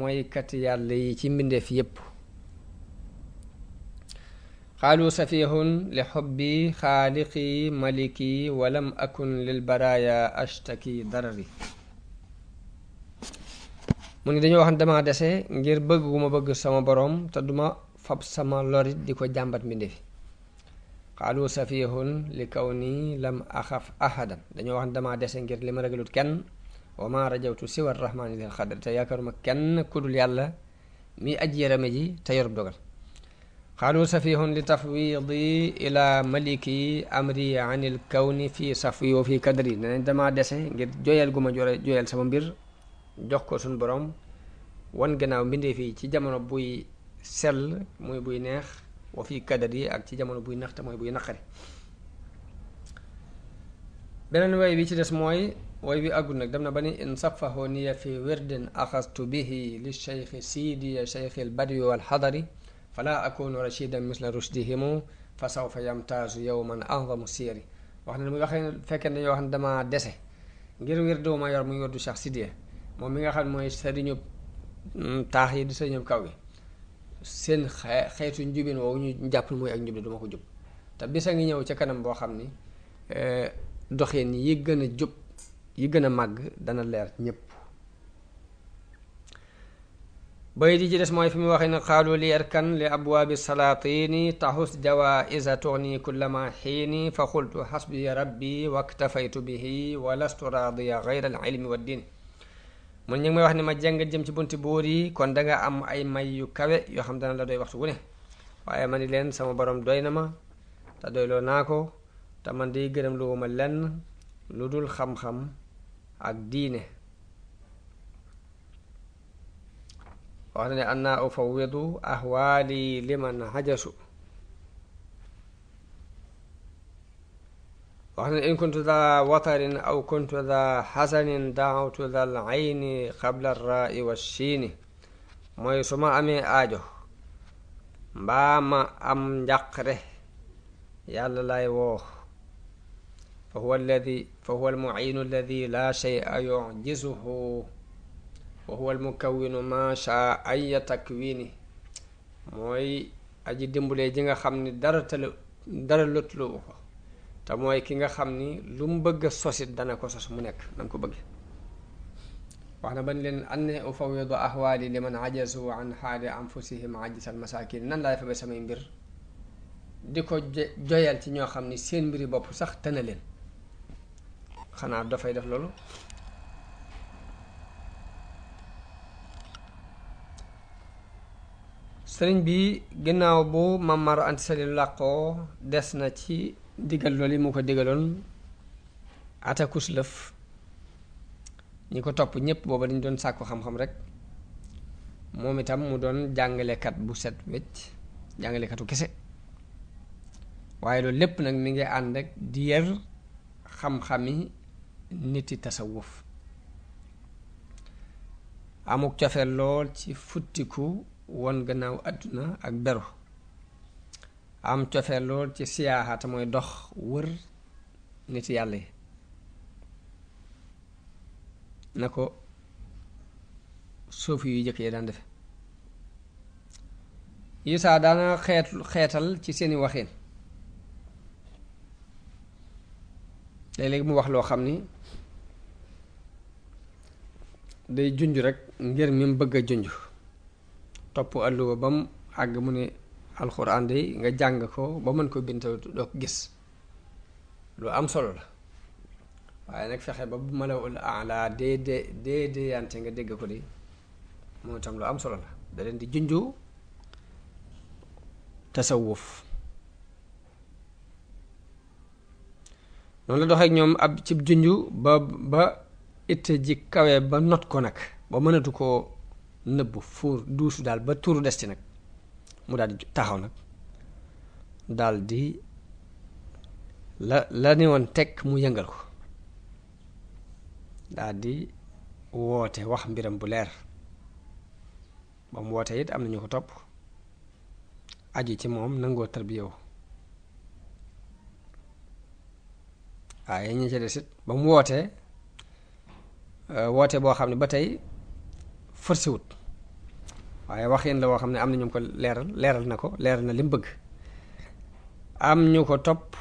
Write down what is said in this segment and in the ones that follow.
mooykat yàlla yi ci mbindeef yépp xaalu safihun li xobbi xaaliqi maliki walam akun lil baraaya ashtaki darari mu ni dañoo wax ne dama dese ngir bëgg gu ma bëgg sama borom te duma fab sama lorit di ko jàmbat mbindeef yi xaalu safihun li kaw ni lam axaf ahadan dañoo wax dama dese ngir li ma ragalut kenn wa ma rajawtu siwa rahmaani dil xadr te yaakaaruma kenn kudul yàlla mi aj yërame ji te yorub dogal xaalu safihun li tafwidi ila maliki amri an il kawni fii safwi wa fii kadri nenañ dama dese ngir joyal gu ma jore joyal sama mbir jox ko suñ borom wan gannaaw mbindee fii ci jamono buy sell mooy buy neex wa fii kadri ak ci jamono buy neex te mooy buy naqari beneen way bi ci des mooy way wi àggul nag dem na ba ni in safaho niya fi wirdin axastu bihi li cheikhi siidiya cheikhi l badiyu wal xadari fala akunu rashidan misla rushdihimu fa sawfa yamtaazu yowman anzamu siiri wax na ne muy waxee fekkee ne yoo wax ne dama dese ngir wirdu ma yor muy wirdu Cheikh Sidiya moom mi nga xam ne mooy sëriñu mm, taax yi di sëriñu kaw bi seen xeetu njubin woowu ñu jàpp mooy ak njub duma ko jub te bis a ngi ñëw ca kanam boo xam ni eh, yi gën a jub yi gën a màgg dana leer ñépp bay di ci des mooy fi muy waxee ne xaalu li erkan li abwaabi salaatini taxus jawaisa toxni kullama xiini fa xultu xasbi rabbi bi bihi walastu raadiya gayra al ilmi wa diin mun ñu ngi may wax ni ma jàng jëm ci bunti buur yi kon danga am ay may yu kawe yoo xam dana la doy waxtu wu ne waaye ma ni leen sama borom doy na ma te doyloo naa ko te man di gërëm ma lenn lu dul xam-xam ak diine wax na ne anna ufawidu ahwaali liman hajasu wax na ne in kuntu da watarin aw kuntu da xasanin daawtu dal ayni qabla rai wa siini mooy su ma amee aajo mbaa ma am njàqare yàlla lay woo fa huwa alladi fa huwa almuciinu alladi laa shay'a yucjizuhu wa huwa almukawinu maa shaa aya takwini mooy aji dimbalee ji nga xam ni dara tëlu dara lotluwu ko te mooy ki nga xam ni lu mu bëgg a sosit dana ko sos mu nekk na ko bëgg wax na ban leen anne ufawidu ahwaali liman ajazu an xaali anfusihim ajisal masaakin nan laay fa ba samay mbir di ko joyal ci ñoo xam ni seen mbiri bopp sax tëna leen xanaa dafay def loolu sëriñ bi ginnaaw bu mamar antisali làqoo des na ci digal loolu yi mu ko digaloon atakus lëf ñi ko topp ñépp booba dañ doon sàkku xam-xam rek moom itam mu doon jàngalekat bu set wecc jàngalekatu kese waaye loolu lépp nag mu ngi ànd ak diir xam-xami niti tasawuf amuk cofeel lool ci futtiku won gannaaw àdduna ak beru am cofeel lool ci siyaaxata mooy dox wër nit yàlla yi na ko suufi yu jëkk yi daan defe isaa daana xeet xeetal ci seeni waxin léeg mu wax loo xam ni day junj rek ngir mi mu bëgg a junj topp alluwa ba mu àgg mu ne alxuraan day nga jàng ko ba mën ko bind doo ko gis lu am solo la waaye nag fexe ba bu malawul ala dee dee dee deeyante nga dégg ko di moom itam lu am solo la da di junju tasawuf noonu la doxee ñoom ab ci junju ba ba itte ji kawee ba not ko nag ba mënatu koo nëbb fuur duusu daal ba tuuru des ci nag mu daal di taxaw nag daldi la la ne woon teg mu yëngal ko daldi woote wax mbiram bu leer ba mu wootee it am na ñu ko topp aju ci moom nangoo tarbiyewu waaw yéen ñi ci desit ba mu wootee euh, woote boo xam ne ba tey forcé waaye wax waxin la woo xam ne am na ñu ko leeral leeral na ko leeral na li mu bëgg am ñu ko topp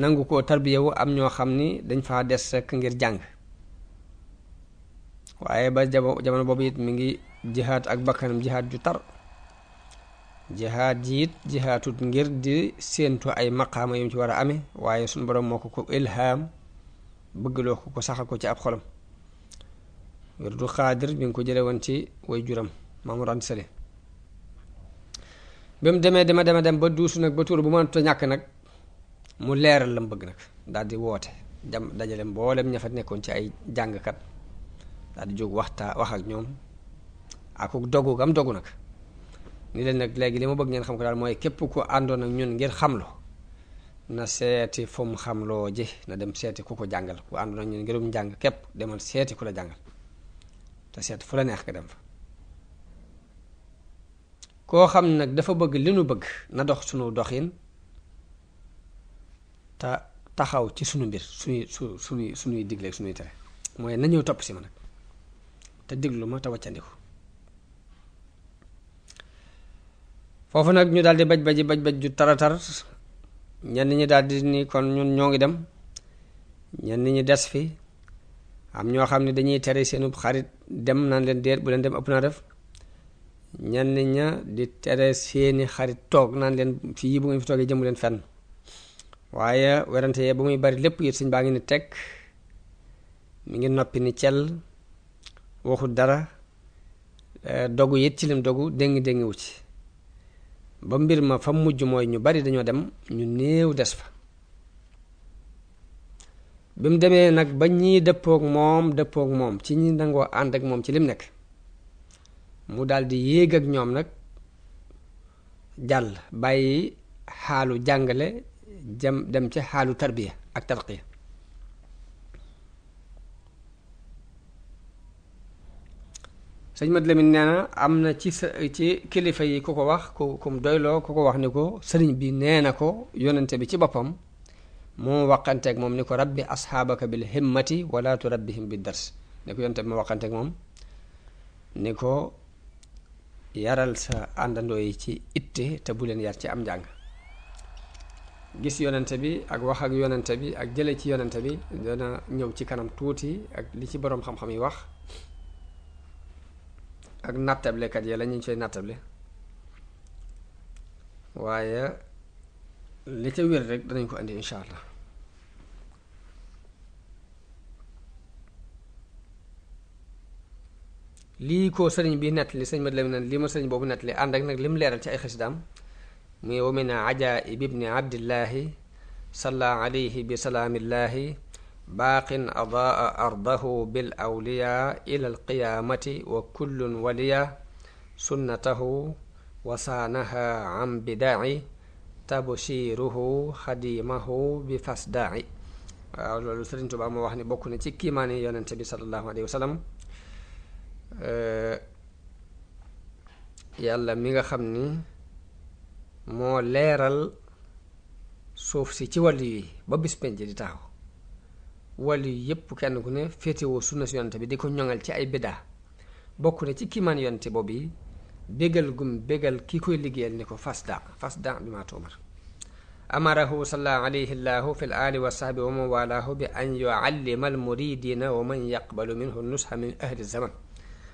nangu koo tarbiyewu am ñoo xam ni dañ faa des rek ngir jàng waaye ba jamono boobu it mu ngi jihaad ak bakkanam jihaad ju tar jihaad jiit jihaatut ngir di séentu ay maqaama yum ci war a amee waaye suñu borom moo ko ko ilhaam bëggloo ko ko saxal ko ci ab xolam wirdu xaadir bi nga ko jële woon ci way juram Mamour Anta Sali ba mu demee dema dema dem ba duusu nag ba tuur bu mënatu ñàkk nag mu leeral la mu bëgg nag daal di woote jam dajale mboolem ña fa nekkoon ci ay jàngkat daal di jóg waxtaa wax ak ñoom akuk dogu gam dogu nag ni leen nag léegi li ma bëgg ngeen xam ko daal mooy képp ku àndoon ak ñun ngir xamlu na seeti fu mu xamloo ji na dem seeti ku ko jàngal ku àndoon ak ñun ngirum jàng képp demal seeti ku la jàngal te seeti fu la neex nga dem fa koo xam nag dafa bëgg li nu bëgg na dox sunu doxin te taxaw ci sunu mbir suñuy su suñuy suñuy digle suñuy tere mooy na ñëw topp si ma nag te diglu ma te wàccandiku foofu nag ñu daal di baj baji baj baj ju taratar ñenn ñi daal di ni kon ñun ñoo ngi dem ñenn ñi des fi am ñoo xam ne dañuy tere seenu xarit dem naan leen déet bu leen dem ëpp naa def ñenn ña di tere seeni xarit toog naan leen fii bu ngeen fi toogee jëmu leen fenn waaye werante yee ba muy bari lépp yit sëñ baa ngi ni teg mu ngi noppi ni cell waxu dara eh, dogu yit ci lim dogu déng déngiwu ci ba mbir ma fa mujj mooy ñu bari dañoo dem ñu néew des fa bi mu demee nag ba ñii dëppook moom dëppook moom ci ñi nangoo ànd ak moom ci lim nekk mu daldi yéeg ak ñoom nag jàll bàyyi xaalu jàngale jëm dem ci xaalu tarbiya ak tarqiya sëñ ma Lamine nee am na ci sa ci kilifa yi ku ko wax ku ku doyloo ku ko wax ni ko sëriñ bi nee na ko yonente bi ci boppam moo waqanteeg moom ni ko rabbi asxaabaka bil himmati wala turabbihim bi dars ni ko yonente moom ni ko yaral sa àndandoo yi ci itte te bu leen yar ci am njàng gis yonente bi ak wax ak yonente bi ak jële ci yonente bi dana ñëw ci kanam tuuti ak li ci boroom xam-xam yi wax ak nattablekat ya la ñu cay waaye li ca wér rek danañ ko indi incha allah lii ko sëriñ bi nettali sëñ mat la naan lii ma sëriñ boobu nettali ànd ak nag li mu leeral ci ay xasidaam muy wamina ajaib ibni abdillahi salla alayhi bi salaamillahi baaqin adaa ardahu bil awliyaa ila alqiyaamati wa kullun waliya sunnatahu wa saanaha an bidaaci tabshiiruhu xadimahu bi fasdaaci waaw loolu Sëriñ wax ni bokk na ci kiimaani yonente bi sallallahu mi nga xam ni moo leeral suuf si ci wàllu ba bis di taxaw wali yépp kenn ku ne féetewoo sunna yonte bi di ko ñoŋal ci ay biddaa bokku na ci ki kiimaan yonte boobu bégal gum bégal ki koy liggéeyal ni ko fasda fasda bi maa tuumar amarahu salla alayhi llahu fi l ali wa bi an yuallima al muridina wa man yaqbalu minhu nusha min ahli zaman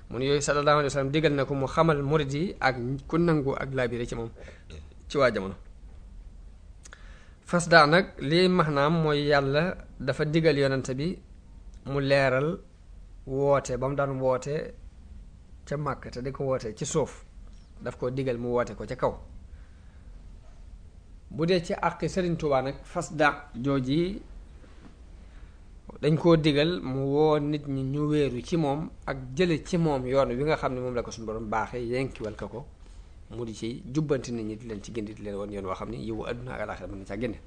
mun yooyu sallallahu alayhi wa sallam digal na ko mu xamal murid yi ak ku nangu ak laabire ci moom ci waa jamono fasdaa nag lii max maanaam mooy yàlla dafa digal yonent bi mu leeral woote ba mu daan woote ca màkk te di ko woote ci suuf daf koo digal mu woote ko ca kaw bu dee ci àqi Sëriñ Tuubaa nag fasdaa jooji dañ koo digal mu woo nit ñi ñu wéeru ci moom ak jële ci moom yoon wi nga xam ne moom la ko suñu borom baaxee yenkiwal ko ko mu di ci jubbanti nit ñi di leen ci génne di leen woon yoon woo xam ne yiwu àdduna ak alaaxira mën na caa génne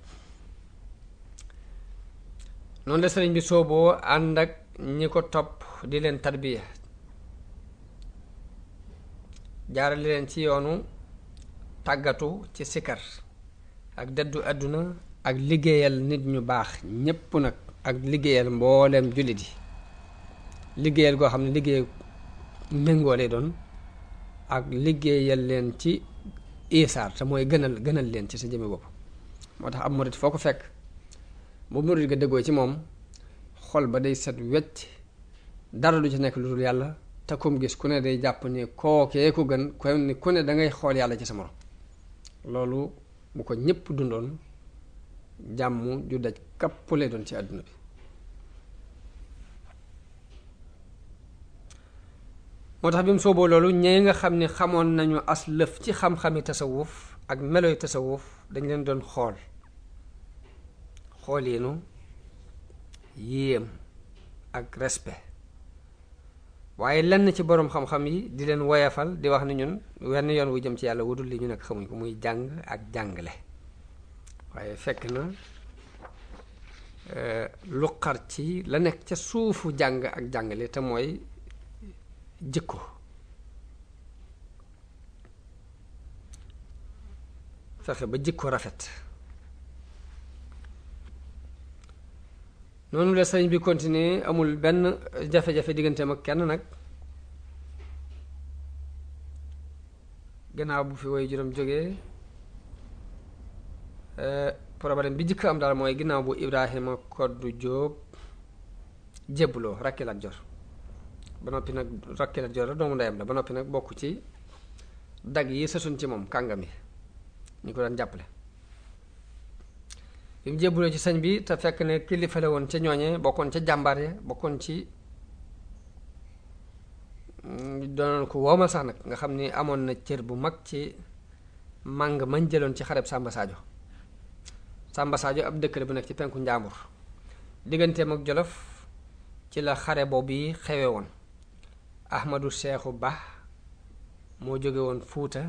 noonu la sëriñ bi sooboo ànd ak ñi ko topp di leen tarbiya jaarale leen ci yoonu tàggatu ci sikar ak dëddu àdduna ak liggéeyal nit ñu baax ñépp nag ak liggéeyal mbooleem jullit yi liggéeyal goo xam ne liggéey méngoo doon ak liggéeyal leen ci isaar te mooy gënal gënal leen ci sa jëme bopp moo tax ab murit foo ko fekk bu murit ga déggoo ci moom xool ba day set wecc dara du ci nekk lu dul yàlla te kum gis ku ne day jàpp ni kookee ko gën ku ne da ngay xool yàlla ci sa morom loolu bu ko ñëpp dundoon jàmm ju daj kapp doon ci àdduna bi moo tax bi mu sooboo loolu ñee nga xam ni xamoon nañu as lëf ci xam-xami tasawuf ak meloy tasawuf dañ leen doon xool xooliinu yéem ak respe waaye lenn ci boroom xam-xam yi di leen woyafal di wax ni ñun wenn yoon wu jëm ci yàlla wudul li ñu nekk xamuñu ko muy jàng ak jàngale waaye fekk na euh, lu xar ci la nekk ca suufu jàng ak jàngale te mooy jikko fexe ba jikko rafet noonu la sëriñ bi continuer amul benn jafe-jafe digganteem ak kenn nag gannaaw bu fi woy juróom jógee problème bi jëkk am daal mooy ginnaaw bu Ibrahima Koddu Jóob jébbuloo rakki Lat Joor ba noppi nag rakki Lat Joor la doomu ndeyam la ba noppi nag bokk ci dag yi sësuñ ci moom kàngam yi ñu ko daan jàppale bi mu ci sëñ bi te fekk ne kilifa la woon ca ñooñe bokkoon ca jàmbaar bokkoon ci mm, doonoon ko woomal sax nag nga xam ni amoon na cër bu mag ci màng mañ jëloon ci xareb Samba Sadio Samba Sadio ab dëkk la bu nekk ci penku Njàmbur digganteem ak Jolof ci la xare boobu yi xewe woon ahmadu seexu ba moo jóge woon fuuta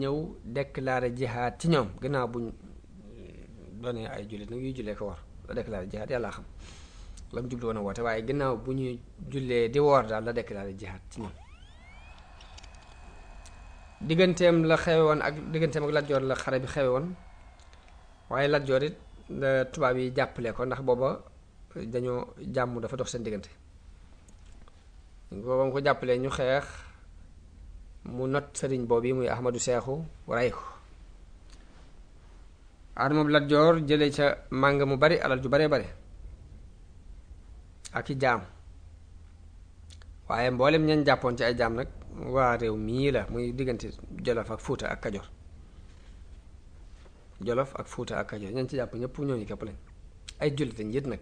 ñëw déclaré jihaad ci ñoom gannaaw buñ eh, doonee ay jullit nag yuy jullee ko war la déclaré jihaad yàlla xam la mu jublu woon a woote waaye gannaaw bu ñuy jullee di woor daal la déclaré jihaad ci ñoom digganteem la xewe woon ak digganteem ak Lat Joor la xare bi xewe woon waaye Lat Joor it eh, tubaab yi jàppale ko ndax booba eh, dañoo jàmm dafa dox seen diggante booba mu ko jàppalee ñu xeex mu not sëriñ boobu yi muy ahmadu seexu rey ko armab Lat Joor jële ca màng mu bari alal ju bare bare ak i jaam waaye mboolem ñan jàppoon ci ay jaam nag waa réew mii la muy diggante jolof ak fuuta ak kajoor jolof ak fuuta ak kajoor ñan ci jàpp ñëpp ñooñu képp lañ ay jullit lañ nag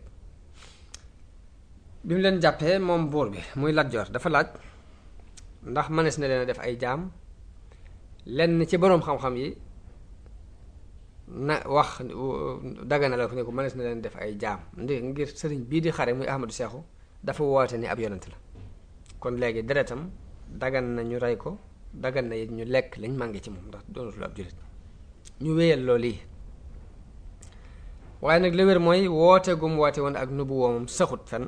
bi mu leen jàppee moom buur bi muy Lat Joor dafa laaj ndax mënees na leen a def ay jaam lenn ci boroom xam-xam yi na wax dagana la ko ne ko mënees na leen def ay jaam ndi ngir sëriñ bii di xare muy Ahmadou Seexu dafa woote ni ab yonent la kon léegi deretam daggan na ñu rey ko daggan na it ñu lekk lañ mànge ci moom ndax doonatul ab jullit ñu wéyal loolu yi waaye nag li mooy woote gum woote woon ak nubu woomam saxut fen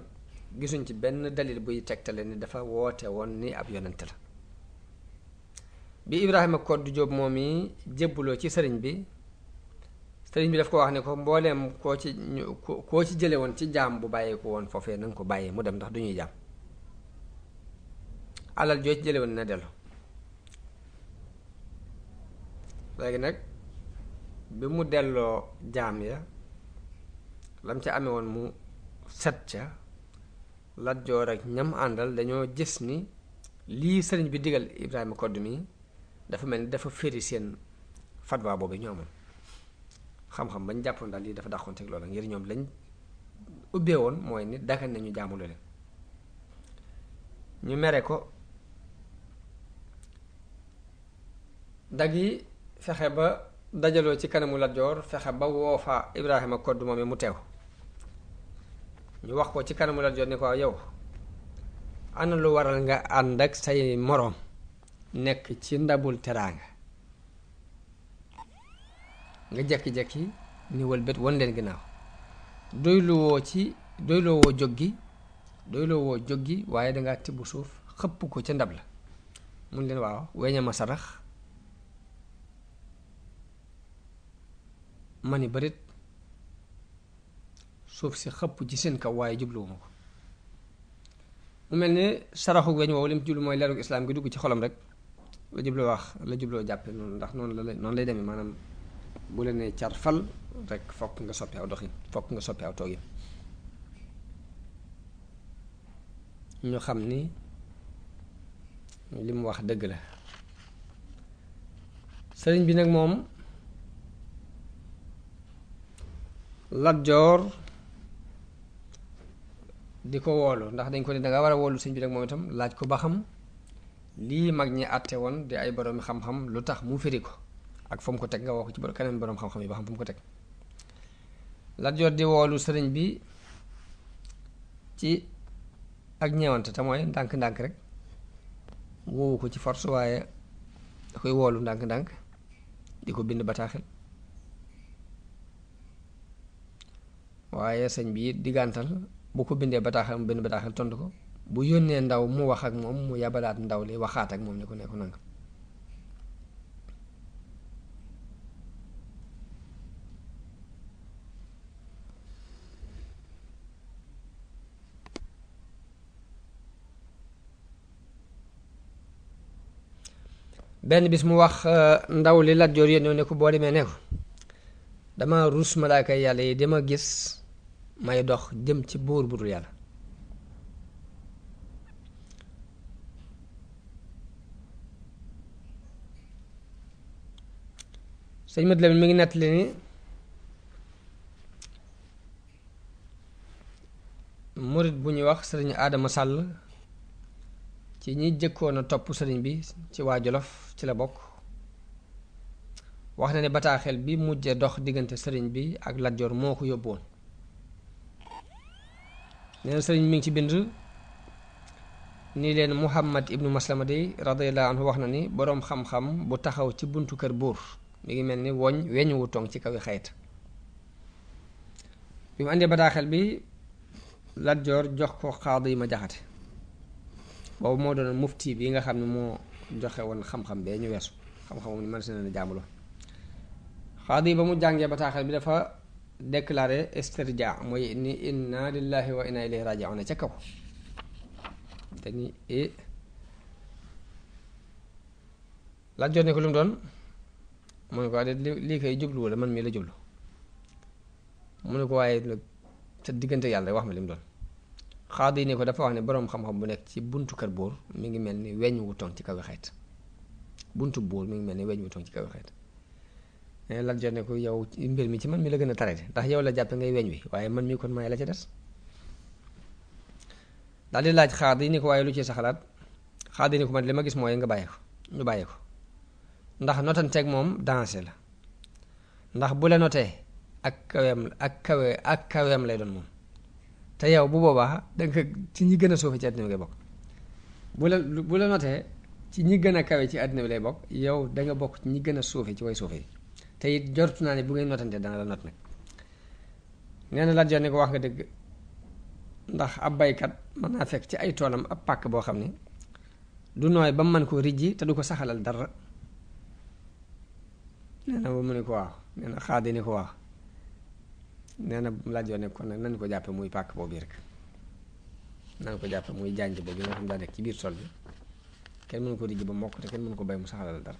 gisuñ ci benn dalil buy tegtale ni dafa woote woon ni ab yonante la bi Ibrahima Koddu Jóob moom yi jébbuloo ci sëriñ bi sëriñ bi daf ko wax ne ko mbooleem koo ci koo ci jële woon ci jaam bu bàyyeeku woon foofee na ko bàyyi mu dem ndax du ñuy jaam alal joo ci jële woon na dellu léegi nag bi mu delloo jaam ya lam ca amewoon mu set ca Lat Joor ak ñam àndal dañoo gis ni lii sëriñ bi digal Ibrahima Kodd mi dafa mel ni dafa féeri seen fatwa boobu ñu amoon xam-xam bañ jàppoon daal lii dafa dàqoon teg loolu ngir ñoom lañ ubbee woon mooy ni dagan nañu jaamu leen ñu mere ko dag yi fexe ba dajaloo ci kanamu Lat fexe ba woo fa Ibrahima Kodd moom mu teew ñu wax ko ci kanamu Lat Joor ne ko yow ana lu waral nga ànd ak say moroom nekk ci ndabul teraanga nga jekki-jekki ni wëlbét wan leen ginnaaw doyluwoo ci doyluwoo jog gi doyluwoo jóg gi waaye dangaa tibb suuf xëpp ko ca ndab la mun leen waaw weña ma sarax mani bërit suuf si xëpp ci seen kaw waaye jubluwuma ko mu mel ni saraxu weñ woowu lim jublu mooy leerug islaam gi dugg ci xolam rek la jubloo wax la jubloo jàppe ndax noonu la lay noonu lay deme maanaam bu la car fal rek fokk nga soppe aw doxin fokk nga soppe aw toogin ñu xam ni li mu wax dëgg la sëriñ bi nag moom Lat di ko woolu ndax dañ ko ne danga war a woolu sëñ bi rek moom itam laaj ko ba xam lii mag ñi àtte woon di ay boroomi xam-xam lu tax mu firi ko ak fa mu ko teg nga wax ko ci kanam boroom xam-xam yi ba xam ko teg di woolu sëriñ bi ci ak ñeewante te ndànk-ndànk rek woowu ko ci force waaye da koy woolu ndànk-ndànk di ko bind bataaxel waaye sëñ bi diggantal bu ko bindee bataaxal mu benn bataaxal tontu ko bu yónnee ndaw mu wax ak moom mu yabalaat ndaw li waxaat moom ni ko nekku nanga benn bis mu wax euh, ndaw li Lat Joor yéen ne ko boo demee ne ko dama ruus malaaka yàlla yi dama gis may dox jëm ci buur bu dul yàlla sëñ Mate Lamine mi ngi nettali ni murit bu ñuy wax sëriñ aadama Sàll ci ñi jëkkoon a topp sëriñ bi ci waa Jolof ci la bokk wax na ne bataaxel bi mujje dox diggante sëriñ bi ak Lat moo ko yóbbu nee na sëriñ mi ngi ci bind nii leen muhammad ibnu maslama di radiyallahu anhu wax na ni boroom xam-xam bu taxaw ci buntu kër buur mi ngi mel ni woñ weñ wu tong ci kaw i bi mu àndee bataaxel bi Lat Joor jox ko xaadu yi ma jaxate boobu moo doon mufti bi nga xam ne moo joxe woon xam-xam bee ñu weesu xam-xamam ni mën si na jaamuloo xaadu yi ba mu jàngee bataaxel bi dafa déclaré istirja mooy ni inna lillahi wa inna ilayhi raji'un ca kaw te ni e laaj jot ne ko lu mu doon mu ne ko waaye lii koy jubluwu la man mii la jublu mu ne ko waaye nag te diggante yàlla wax ma li mu doon xaad yi ne ko dafa wax ne boroom xam-xam bu nekk ci buntu kër buur mi ngi mel ni weñ wu toŋ ci kaw xeet buntu buur mi ngi mel ni weñ wu ci kaw xeet Eh, Lat Joor ne ko yow mbir mi ci man mi la gën a tarete ndax yow la jàppe ngay weñ wi waaye man mi kon maay la ca des daal di laaj xaar yi ni ko waaye lu ci sa xalaat xaar di ni ko man li ma gis mooy nga bàyyi ko ñu bàyyi ko ndax notanteeg moom dansé la ndax bu la notee ak kaweem ak kawe ak kaweem lay doon moom te yow bu boobaa danga ci gën a suufe ci àddina bokk bu la ci ñi gën a kawe ci àddina bi lay bokk yow da bokk ci ñi gën a suufe ci way suufe yi te jot naa ne bu ngeen notante dana la not nag nee na Lat Joor ne ko wax nga dëgg ndax ab baykat mën naa fekk ci ay toolam ab pàkk boo xam ne du nooy ba mu mën koo rijji te du ko saxalal dara nee na mu ne ko waaw nee na xaadi ne ko waaw nee na Lat Joor ne kon nag nan ko jàppe muy pàkk boobu rek nan ko jàppe muy jànj boobu nga xam daa nekk ci biir tool bi kenn mënu ko rijji ba mokk te kenn mënu ko bay mu saxalal dara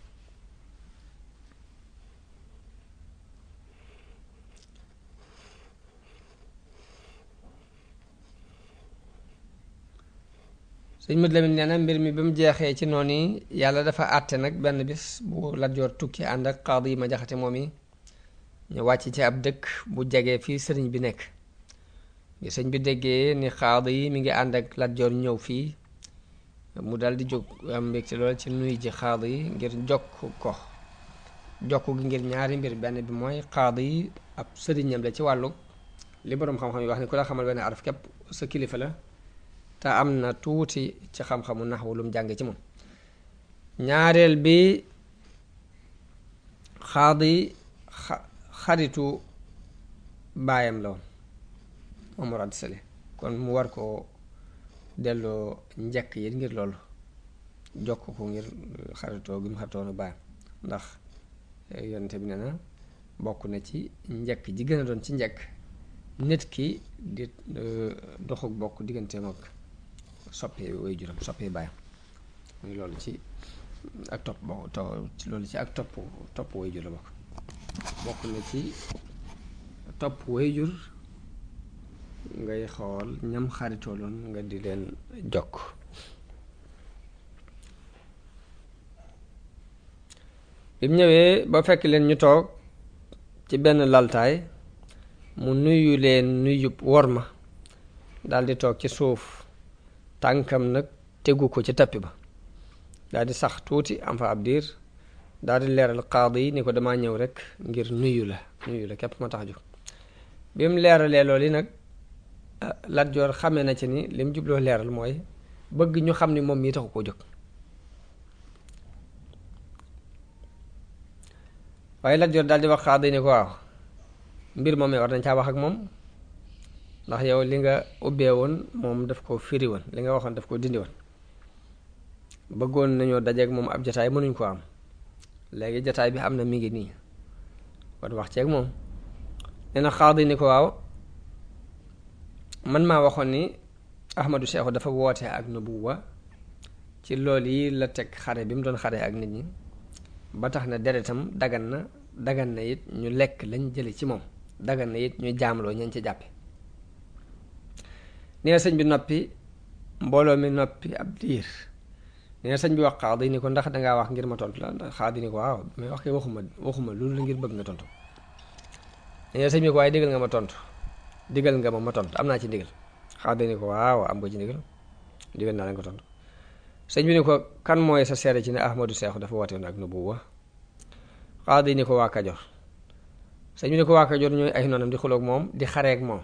sëñ Mët Lamin nee na mbir mi ba mu jeexee ci noonu yàlla dafa àtte nag benn bis bu Lat Joor tukki ànd ak xaadi yi ma jaxate moom yi ñu wàcc ci ab dëkk bu jege fii sëriñ bi nekk bi sëñ bi déggee ni xaadi yi mi ngi ànd ak Lat Joor ñëw fii mu daldi jóg am mbégte lool ci nuy ji xaadi yi ngir jokk ko jokk gi ngir ñaari mbir benn bi mooy xaadi yi ab sëriñam la ci wàllu li boroom xam-xam yi wax ni ku la xamal benn araf képp sa kilifa la te am na tuuti ci xam-xamu naxwu lum jàng ci moom ñaareel bi xaadi xaritu baayam la woon Omar Ad Sale kon mu war ko delloo njëkk yi ngir loolu jokk ko ngir xaritoo gi mu xaritoonu baayam ndax eh, yonte bi ne na bokk na ci njëkk ji gën a doon ci njëkk nit ki di eh, doxuk bokk digganteem ak soppee way juram soppee baayam muy loolu ci ak topp bo topp way jur la bokk bokk na ci topp way jur ngay xool ñam xaritooloon nga di leen jokk bi mu ñëwee ba fekk leen ñu toog ci benn laltaay mu nuyu leen wor worma daldi toog ci suuf tànkam nag tegu ko ci tappi ba daal sax tuuti am fa ab diir daal di leeral qaadi yi ni ko damaa ñëw rek ngir nuyu la nuyu la képp moo tax jóg bi mu leeralee loolu nag ah, Lat xame na ci ni li mu jubloo leeral mooy bëgg ñu xam ni moom mii taxu koo jóg waaye Lat Joor daal di wax qaadi yi ni ko waaw mbir moom war nañ caa wax ak moom ndax yow li nga ubbee woon moom daf ko firi woon li nga waxoon daf ko dindi woon bëggoon nañoo dajeek moom ab jataay mënuñ ko am léegi jataay bi am na mi ngi nii kon wax ceeg moom nee na ni ko waaw man maa waxoon ni Ahmadou Cheikh dafa woote ak nubuwa ci lool yi la teg xare bi mu doon xare ak nit ñi ba tax na deretam dagan na dagan na it ñu lekk lañ jële ci moom dagan na it ñu jaamloo ñañ ci jàppe nee na sëñ bi noppi mbooloo mi noppi ab diir nee na sëñ bi wax xaadi ni ko ndax dangaa wax ngir ma tontu la ndax xaadi ni ko waaw mais wax kay waxuma waxuma loolu la ngir bëgg nga tontu nee sëñ bi ko waaye digal nga ma tontu am naa ci ndigal xaadi ko waaw am nga ci ndigal di naa la nga tontu sëñ bi ni ko kan mooy sa seere ci ne Ahmadou Seexu dafa woote woon ak nubuwa xaadi ni ko waa Kajoor sëñ bi ni ko waa Kajoor ñooy ay noonam di xuloog moom di xareeg moom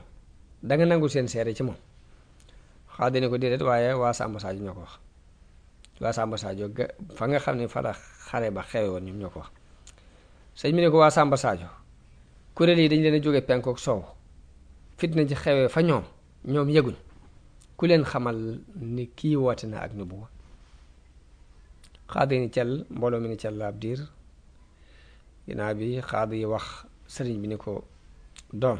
danga nangu seen seere ci moom xaade ne ko déedéet waaye waa Samba Sadio ñoo ko wax waa Samba Sadio fa nga xam ne fa la xare ba xewe woon ñoom ñoo ko wax sëñ bi ne ko waa Samba Sadio kuréel yi dañ leen a jóge penkook soow fitna ji xewee fa ñoom ñoom yëguñ ku leen xamal ni kii woote na ak nubuwa xaade ni cell mbooloo mi ni cell ab diir ginnaaw bi xaade yi wax sëriñ bi ni ko doom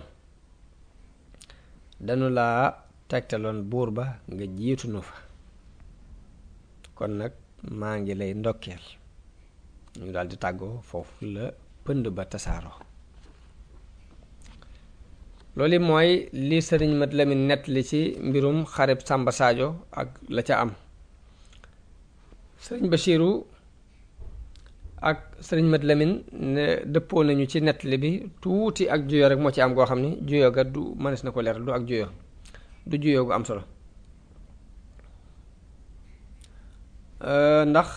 danu laa tegtaloon buur ba nga jiitu nu fa kon nag maa ngi lay ndokkeel ñu daal tàggoo foofu la pënd ba tasaaroo loolu mooy li sëriñ Mat Lamin nett ci mbirum xarib Sàmba Saajo ak la ca am sëriñ Bachiru ak sëriñ Mat Lamin ne dëppoo nañu ci nettali li bi tuuti ak juyo rek moo ci am goo xam ne juyo ga du mënees na ko leeral du ak juyo du juyoo gu am solo euh, ndax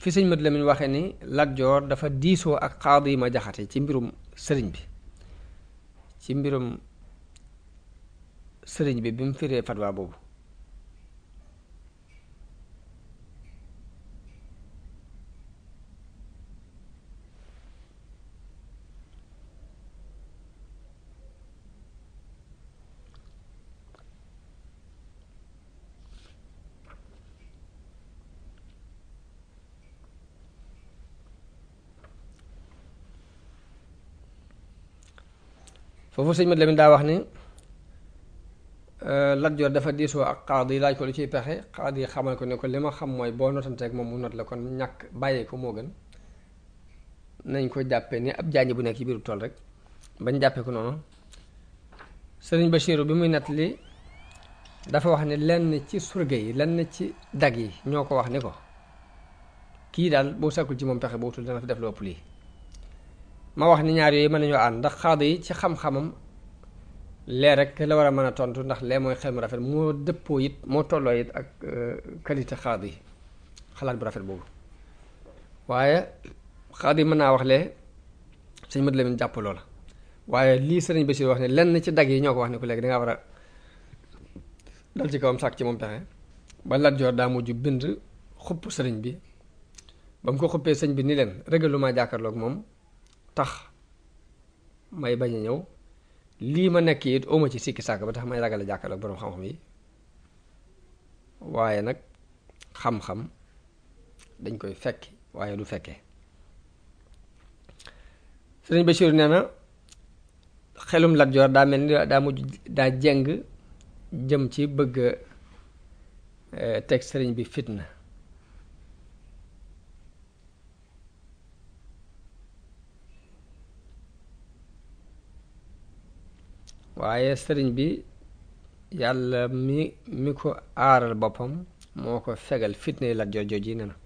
fi sëñ Mat Lamin waxee ni Lat dafa diisoo ak yi ma jaxate ci mbirum sëriñ bi ci mbirum sëriñ bi bi mu firee fatwa boobu foofu sëñ Mat Lamin daa wax ni euh, Lat Joor dafa diisoo ak yi laaj ko lu ciy pexe xaadi xamal ko ne ko li ma xam mooy boo notanteeg moom mu not la kon ñàkk bàyyee moo gën nañ ko jàppe ni ab jaañi bu nekk ci biiru tool rek bañ jàppee ko noonu sëriñ Bachiru bi muy nettali dafa wax ne lenn ci surga yi lenn ci dag yi ñoo ko wax ni ko kii daal boo sàkkul ci moom pexe boo wutul dana fi def lu ëpp lii ma wax ni ñaar yooyu mën nañoo ànd ndax xaada yi ci xam-xamam lee rek la war a mën a tontu ndax lee mooy xel mu rafet moo dëppoo it moo tolloo it ak euh, qualité xaada yi xalaat bu rafet boobu waaye xaada yi mën naa wax lee sëñ Madu Lamin jàpp la waaye lii sëriñ Bachir wax ne lenn ci dag yi ñoo ko wax ne ko léegi dangaa war a dal ci kawam sàkk ci moom pexe ba Lat Joor daa mujj bind xupp sëriñ bi ba mu ko xuppee sëñ bi ni leen régalu maa jàkkaarloog moom tax may bañ a ñëw lii ma nekk it oma ci sikki sàkk ba tax may ragal a jàkkaarloo ak boroom xam-xam yi waaye nag xam-xam dañ koy fekki waaye du fekke sëriñ Bachir nee na xelum Lat Joor daa mel ni daa mujj daa jeng jëm ci bëgg eh, teg sëriñ bi fitna waaye sëriñ bi yàlla mi mi ko aaral boppam moo ko fegal fitna yi Lat Joor jooji ne na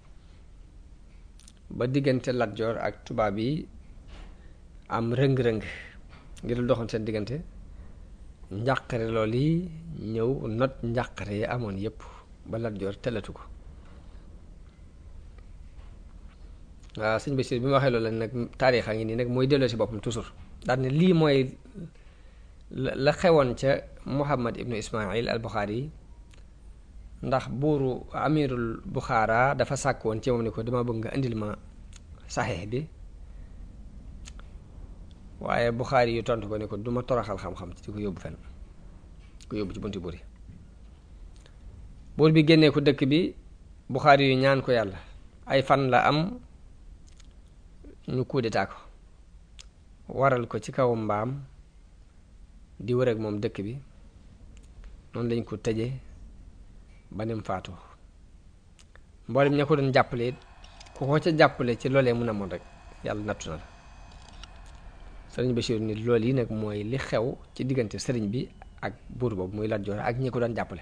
ba diggante Lat Joor ak tubaab yi am rëng-rëng ngir doxoon seen diggante njàqare loolu yi ñëw not njàqare yi amoon yépp ba Lat Joor telatu ko waaw sëñ Basiir bi ma waxee loolu nag taarix a ngi nii nag mooy delloo si boppam toujours daal lii mooy la xewoon ca Muhammad ibnu Ismail al Buxaari ndax buuru amirul Buxaara dafa sàkkoon ci moom ni ko dama bëgg nga indil ma saxiix bi waaye Buxaari yu tontu ko ni ko duma toroxal xam-xam ci di ko yóbbu fenn ko yóbbu ci bunti buur yi buur bi génnee ko dëkk bi Buxaari yu ñaan ko yàlla ay fan la am ñu coup d'état ko waral ko ci kaw mbaam di wër moom dëkk bi noonu lañ ko tëjee ba nim faatu mboolem ña ko doon jàppale ku ko ca jàppale ci loolee mun a moon rek yàlla nattu na la sëriñ Bachir ni lool yi nag mooy li xew ci diggante sëriñ bi ak buur boobu muy Lat Joor ak ñi ko doon jàppale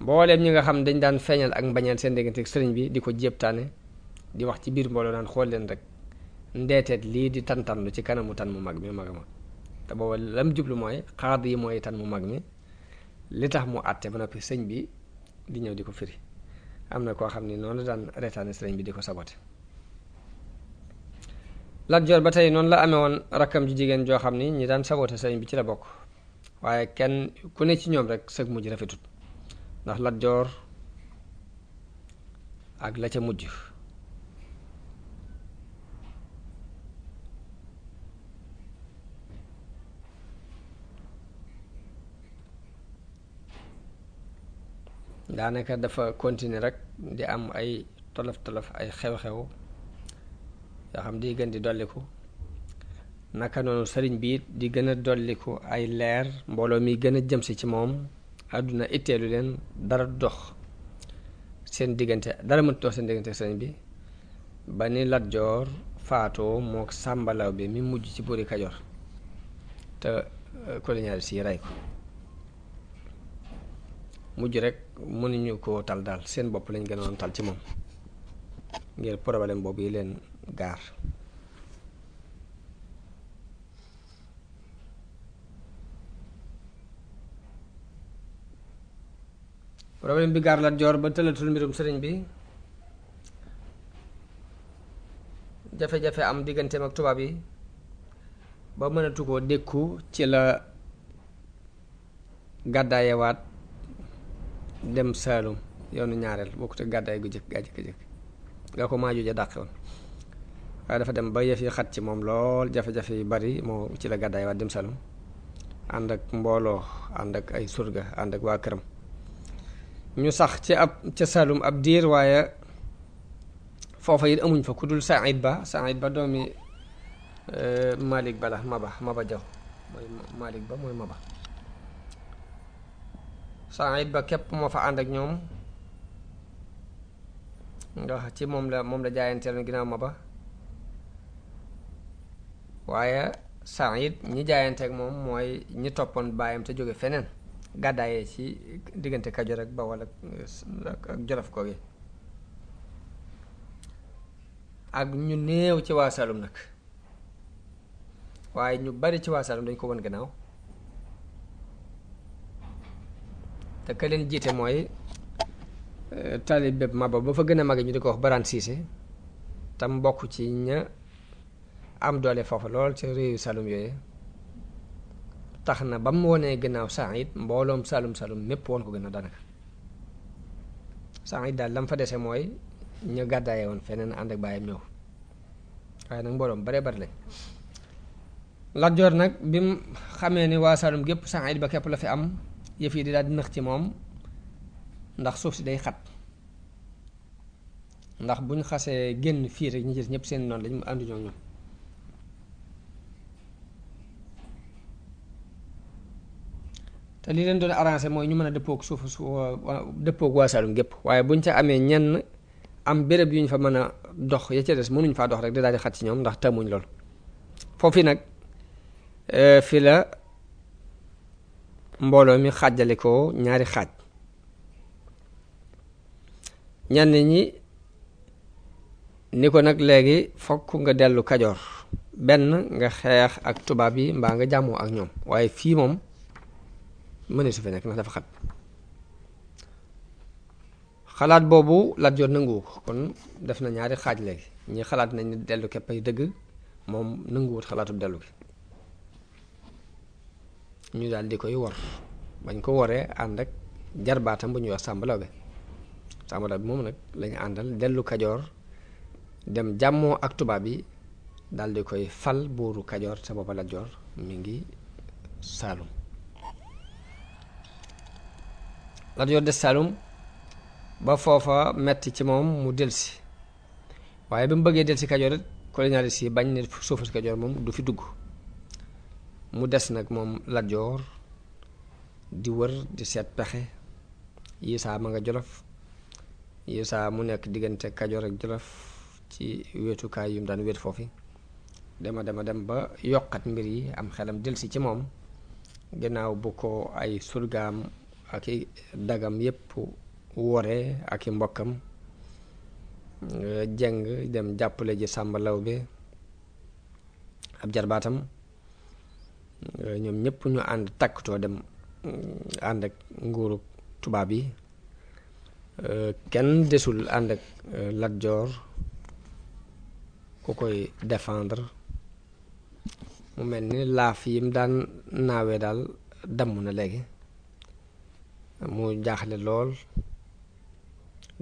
mbooleem ñi nga xam dañ daan feeñal ak mbañeel seen diggante sëriñ bi di ko jéebtaane di wax ci biir mbooloo naan xool leen rek ndeeteet lii di tantanlu ci kanamu tan mu mag mi mag a mag te booba lam jublu mooy xaad yi mooy tan mu mag mi li tax mu àtte ba noppi sëñ bi di ñëw di ko firi am na koo xam ni noonu la daan reetaane sëriñ bi di ko sabote Lat Joor ba tey noonu la amee woon rakkam ji jigéen joo xam ni ñi daan sabote sëñ bi ci la bokk waaye kenn ku ne ci ñoom rek sëg mujj rafetut ndax Lat Joor ak la ca mujj daanaka dafa continuer rek di am ay tolof-tolof ay xew-xew yoo xam di gën di dolliku naka noonu sëriñ bi di gën a dolliku ay leer mbooloo mi gën a jëm si ci moom àdduna itteelu leen dara dox seen diggante dara mënut dox seen diggante sëriñ bi ba ni Lat Joor faatoo moo sàmbalaw bi mi mujj ci buuri Kajoor te euh, colonialiste yi rey ko mujj rek mënuñu koo tal daal seen bopp lañ gënoon tal ci moom ngir problème boobu yi leen gaar problème bi gaar Lat Joor ba tëlatul mbirum sëriñ bi jafe-jafe am digganteem ak tubaab yi ba mënatu koo dékku ci la gàddaayewaat dem Saalum yoonu ñaareel bokkut ak gàddaay gu jëkk gaa jëkk jëkk nga ko maa jooja dàqe woon waaye dafa dem ba yëf yi xat ci moom lool jafe-jafe yu bari moo ci la gàddaay waa dem Saalum ànd ak mbooloo ànd ak ay surga ànd ak waa këram ñu sax ci ab ca Saalum ab diir waaye foofu it amuñ fa ku dul Saïd Ba Saïd Ba doomi eh, Malick Bala Maba Maba Jaw mooy Malick Ba mooy Maba Saïd ba képp moo fa ànd ak ñoom ndax ci moom la moom la jaayanteeloon ginnaaw ma ba waaye Saïd ñi jaayanteek moom mooy ñi toppoon baayam te jóge feneen gàddaayee ci diggante Kajoor ak Bawol ak ak Jolof ko gi ak ñu néew ci waa Saalum nag waaye ñu bari ci waa Saalum dañ ko won gannaaw te ka jiite mooy euh, taalib bépp maba ba fa gën a mage ñu di ko wax Barane Cissé tam bokk ci ña am doole foofu lool ci réewu Saloum yooyu tax na ba mu wonee gannaaw Saïd mbooloom Saloum Saloum mépp woon ko gën a daanaka Saïd daal lam fa dese mooy ña gàddaaye woon feneen ànd ak bàyyam ñëw waaye nag mbooloom bare bari lañ Lat nag bi mu xamee ni waa Saloum gépp Saïd ba képp la fi am yëf yi di daal di nëx ci moom ndax suuf si day xat ndax bu ñu xasee génn fii rek ñu gis ñëpp seen noonu lañu àndu ñoom te li leen doon arrangé mooy ñu mën a dëppoog suuf su dëppoog waa gépp waaye bu ñu ca amee ñenn am béréb yu ñu fa mën a dox ya ca des mënuñ faa dox rek di daal di xat ci ñoom ndax tëmuñ lool foofu nag euh, fi la. mbooloo mi xaajale ko ñaari xaaj ñenn ñi ni ko nag léegi fokk nga dellu kajoor benn nga xeex ak tubaab yi mbaa nga jàmmoo ak ñoom waaye fii moom mënee su fi nekk ndax dafa xat xalaat boobu Lat Joor nanguwu ko kon def na ñaari xaaj léegi ñi xalaat nañ dellu kepp keppay dëgg moom nanguwut xalaatu dellu gi ñu daal koy wor bañ ko waree ànd ak jarbaatam bu ñuy wax Sàmba bi Sàmba Lawbe moom nag lañu àndal dellu kajoor dem jàmmoo ak tubaab yi daldi koy fal buuru kajoor sa booba Lat mi ngi Saalum Lat Joor des Saalum ba foofa metti ci moom mu delsi waaye bi mu bëggee delsi kajoor it colonialiste yi bañ ne suufu si kajoor moom du fi dugg mu des nag moom lajoor di wër di seet pexe saa ma nga Jolof Yisaa mu nekk diggante Kajoor ak Jolof ci wetukaay yu mu daan wét foofu dema dema dem ba yokkat mbir yi am xelam delsi ci moom gannaaw bu ko ay surgaam ak i dagam yépp wore ak i mbokkam eh, jeng dem jàppale ji Sàmba Lawbe ab jarbaatam Euh, ñoom ñëpp ñu ànd takkutoo dem mm, ànd ak nguuru tubaab yi euh, kenn desul ànd ak euh, Lat ku koy défendre mu mel ni laaf yim daan naawe daal damm na léegi mu jaaxle lool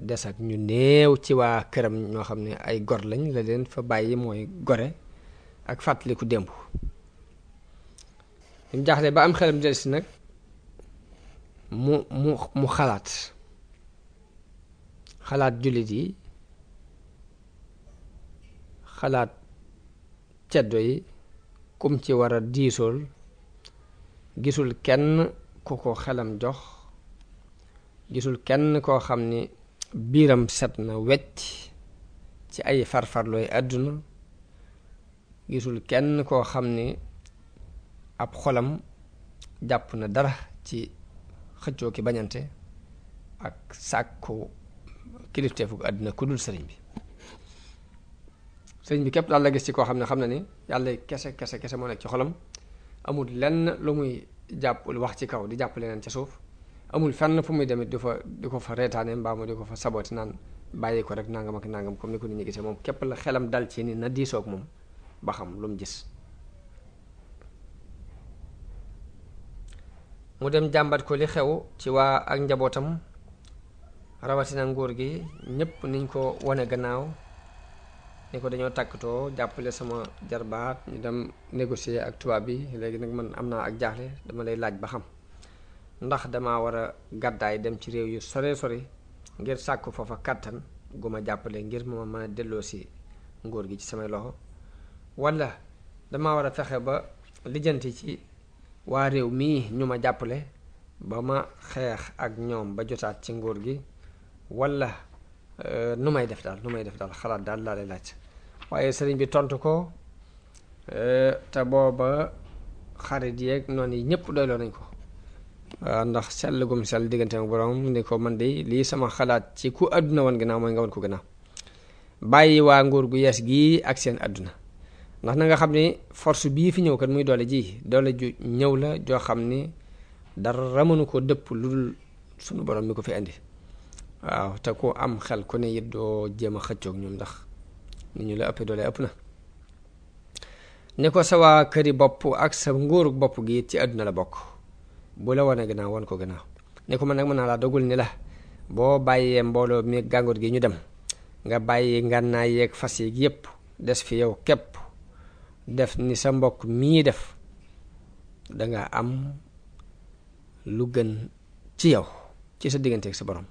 des ak ñu néew ci waa këram ñoo xam ne ay gor lañ la leen fa bàyyi mooy gore ak fàttaliku démb bi mu ba am xelam jël si nag mu mu mu xalaat xalaat jullit yi xalaat ceddo yi kum ci war a diisool gisul kenn ku ko xelam jox gisul kenn koo xam ni biiram set na wecc ci ay farfarlooy àdduna gisul kenn koo xam ni ab xolam jàpp na dara ci xëccoo ki bañante ak sàkk sàkku kilifteefu àddina ku dul sëriñ bi sëriñ bi képp daal la gis ci koo xam ne xam na ni yàlla kese kese kese moo nekk ci xolam amul lenn lu muy jàpp wax ci kaw di jàpp leneen ca suuf amul fenn fu muy demit di fa di ko fa reetaane mbaa mu di ko fa sabooti naan bàyyi ko rek nangam ak nangam comme ni ko nit ñi gisee moom képp la xelam dal ci ni na diisoog moom ba xam lu mu gis mu dem jàmbat ko li xew ci waa ak njabootam rawatina nguur gi ñépp niñ ko wane gannaaw ni ko dañoo tàkkatoo jàppale sama jarbaat ñu dem négocier ak tubaab bi léegi nag man am naa ak jaaxle dama lay laaj ba xam ndax dama war a gàddaay dem ci réew yu sore sori ngir sàkk foofa kàttan gu ma jàppale ngir ma mën a delloo si nguur gi ci samay loxo walla damaa war a fexe ba lijjanti ci waa réew mii ñu ma jàppale ba ma xeex ak ñoom ba jotaat ci nguur gi wala euh, nu may def daal nu may def daal xalaat daal laa lay laaj waaye sëriñ bi tontu ko euh, te booba xarit yeeg noonu yi ñëpp doyloo nañ ko waaw ndax sell gum sell diggante ak borom ni ko man de lii sama xalaat ci ku àdduna woon ginnaaw mooy nga woon ko ginnaaw bàyyi waa nguur gu yees gii ak seen àdduna ndax na nga xam ni force bii fi ñëw kat muy doole ji doole ju ñëw la joo xam ni dara mënu ko dëpp lu dul sunu borom mi ko fi indi waaw te ku am xel ku ne yit doo jéem a xëccoog ñoom ndax ni ñu la ëpp doole ëpp na ni ko sa këri bopp ak sa ngóoru bopp gi ci àdduna la bokk bu la wane gannaaw wan ko gannaaw ni ko man nag mën naa laa dogul ni la boo bàyyee mbooloo mi gàngoot gi ñu dem nga bàyyi ngànnaay yeeg fas yi yépp des fi yow képp def ni sa mbokk mii def danga am lu gën ci yow ci sa diggante ak sa borom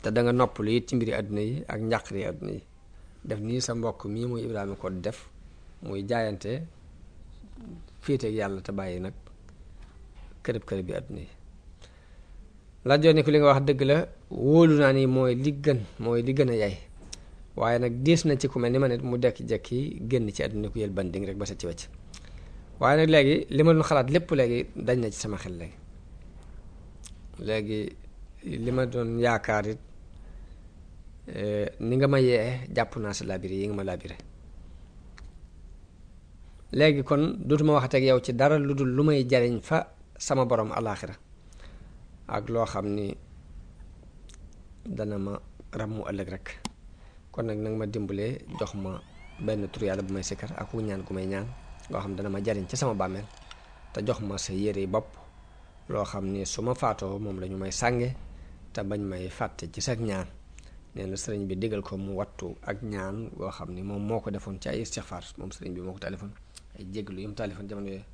te danga nopp it ci mbiri àdduna yi ak njàqari àdduna yi def ni sa mbokk mii mooy Ibrahima ko def muy jaayante féeteeg yàlla te bàyyi nag kërëb kërëb bi àdduna yi laajoon ni ko li nga wax dëgg la wóolu naa ni mooy li gën mooy li gën a yaay waaye nag diis na ci ku mel ni ma nit mu dekki-jekki génn ci àdduna ku yël banding rek ba sa ci wecc waaye nag léegi li ma doon xalaat lépp léegi dañ na ci sama xel léegi li ma doon yaakaar it eh, ni nga ma yee jàpp naa sa labiré yi nga ma labiré léegi kon dootuma waxate ak yow ci dara lu dul lu may jariñ fa sama borom alaaxira ak loo xam ni dana ma ràmmu ëllëg rekk kon nag nag ma dimbalee jox ma benn tur yàlla bu may sikkar ak ku ñaan ku may ñaan loo xam dana ma jariñ ci sama bàmmeel te jox ma sa yére yi bopp loo xam ni su ma faatoo moom la ñu may sànge te bañ may fàtte ci sa ñaan nee sëriñ bi digal ko mu wattu ak ñaan loo xam ni moom moo ko defoon ci ay istixfaar moom sëriñ bi moo ko taalifoon ay jéglu yu mu taalifoon jamono yooyu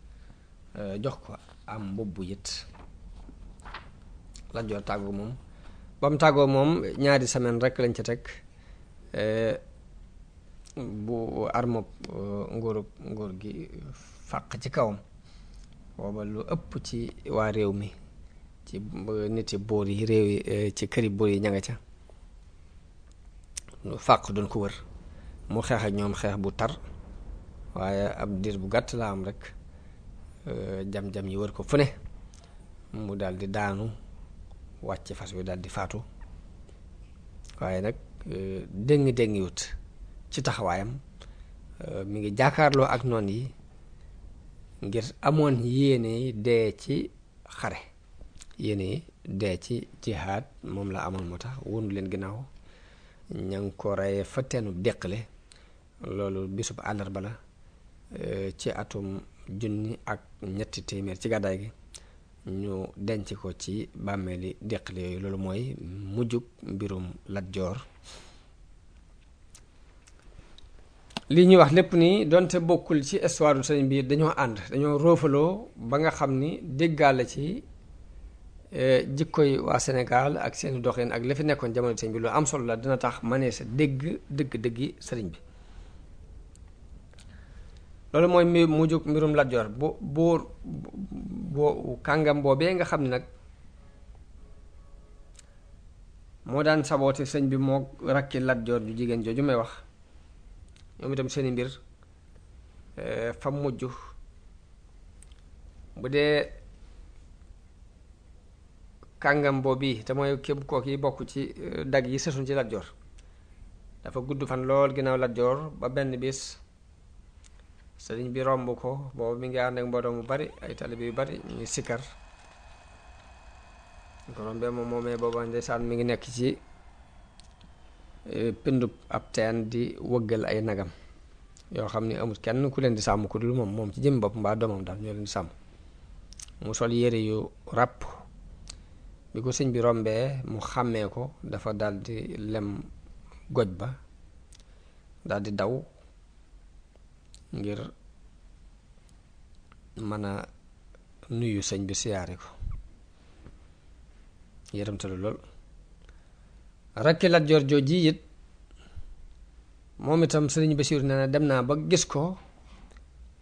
euh, jox ko am mbubb it Lat Joor tàggu moom ba mu tàggoo moom ñaari semaine rek lañ ca teg bu armob eh, nguurub nguur gi fàq ci kawam booba lu ëpp ci waa réew mi ci niti boor yi réew yi eh, ci këri boor yi ña nga ca lu fàq doon ko wër mu xeex ak ñoom xeex bu tar waaye ab diir bu gàtt la am rek eh, jam-jam yi wër ko fu ne mu daldi daanu wàcc fas wi daal di faatu waaye nag déngi déngi wut ci taxawaayam euh, mi ngi jàkkaarloo ak noon yi ngir amoon yéene dee ci xare yéene dee ci jihaad moom la amoon moo tax wonu leen ginnaaw ña ngi ko reyee fa teenu déqale loolu bisub àllarba la euh, ci atum junni ak ñetti téeméer ci gàddaay gi ñu denc ko ci bàmmeeli déqale yooyu loolu mooy mujjug mbirum Lat Joor lii ñuy wax lépp nii donte bokkul ci histoire du sëñ bi dañoo ànd dañoo roofaloo ba nga xam ni déggaale ci eh, jikkoy waa Sénégal ak seen doxin ak la fi nekkoon jamono sëñ bi lu am solo la dina tax mënees a dégg dëgg-dëggi sëriñ bi loolu mooy mi mu jóg mbirum Lat Joor bo boo boo kàngam boobee nga xam ne nag moo daan saboote sëñ bi moo rakki Lat Joor ju jigéen jooju may wax ñoom itam seeni mbir eh, fa mujj bu dee kàngam boobu te mooy képp kook yi bokk ci eh, dagg yi sësuñ ci Lat Joor dafa gudd fan lool ginnaaw Lat Joor ba benn bis sëriñ bi romb ko boobu mi ngi ànd ak bu bari ay talibe yu bari ñu ngi sikkar ko rombee moom moomee booba ndeysaan mu ngi nekk ci e, pindub ab teen di wëggal ay nagam yoo xam ni amul kenn ku leen di sàmm ku dul moom moom ci jëm bopp mbaa doomam daal ñoo leen di sàmm mu sol yére yu ràpp bi ko sëñ bi rombee mu xàmmee ko dafa daldi lem goj ba daldi daw ngir mën a nuyu sëñ bi siyaare ko yërëmtalu lool rakki Lat Joor jooji it moom itam sëriñ Basiir nee na dem naa ba gis ko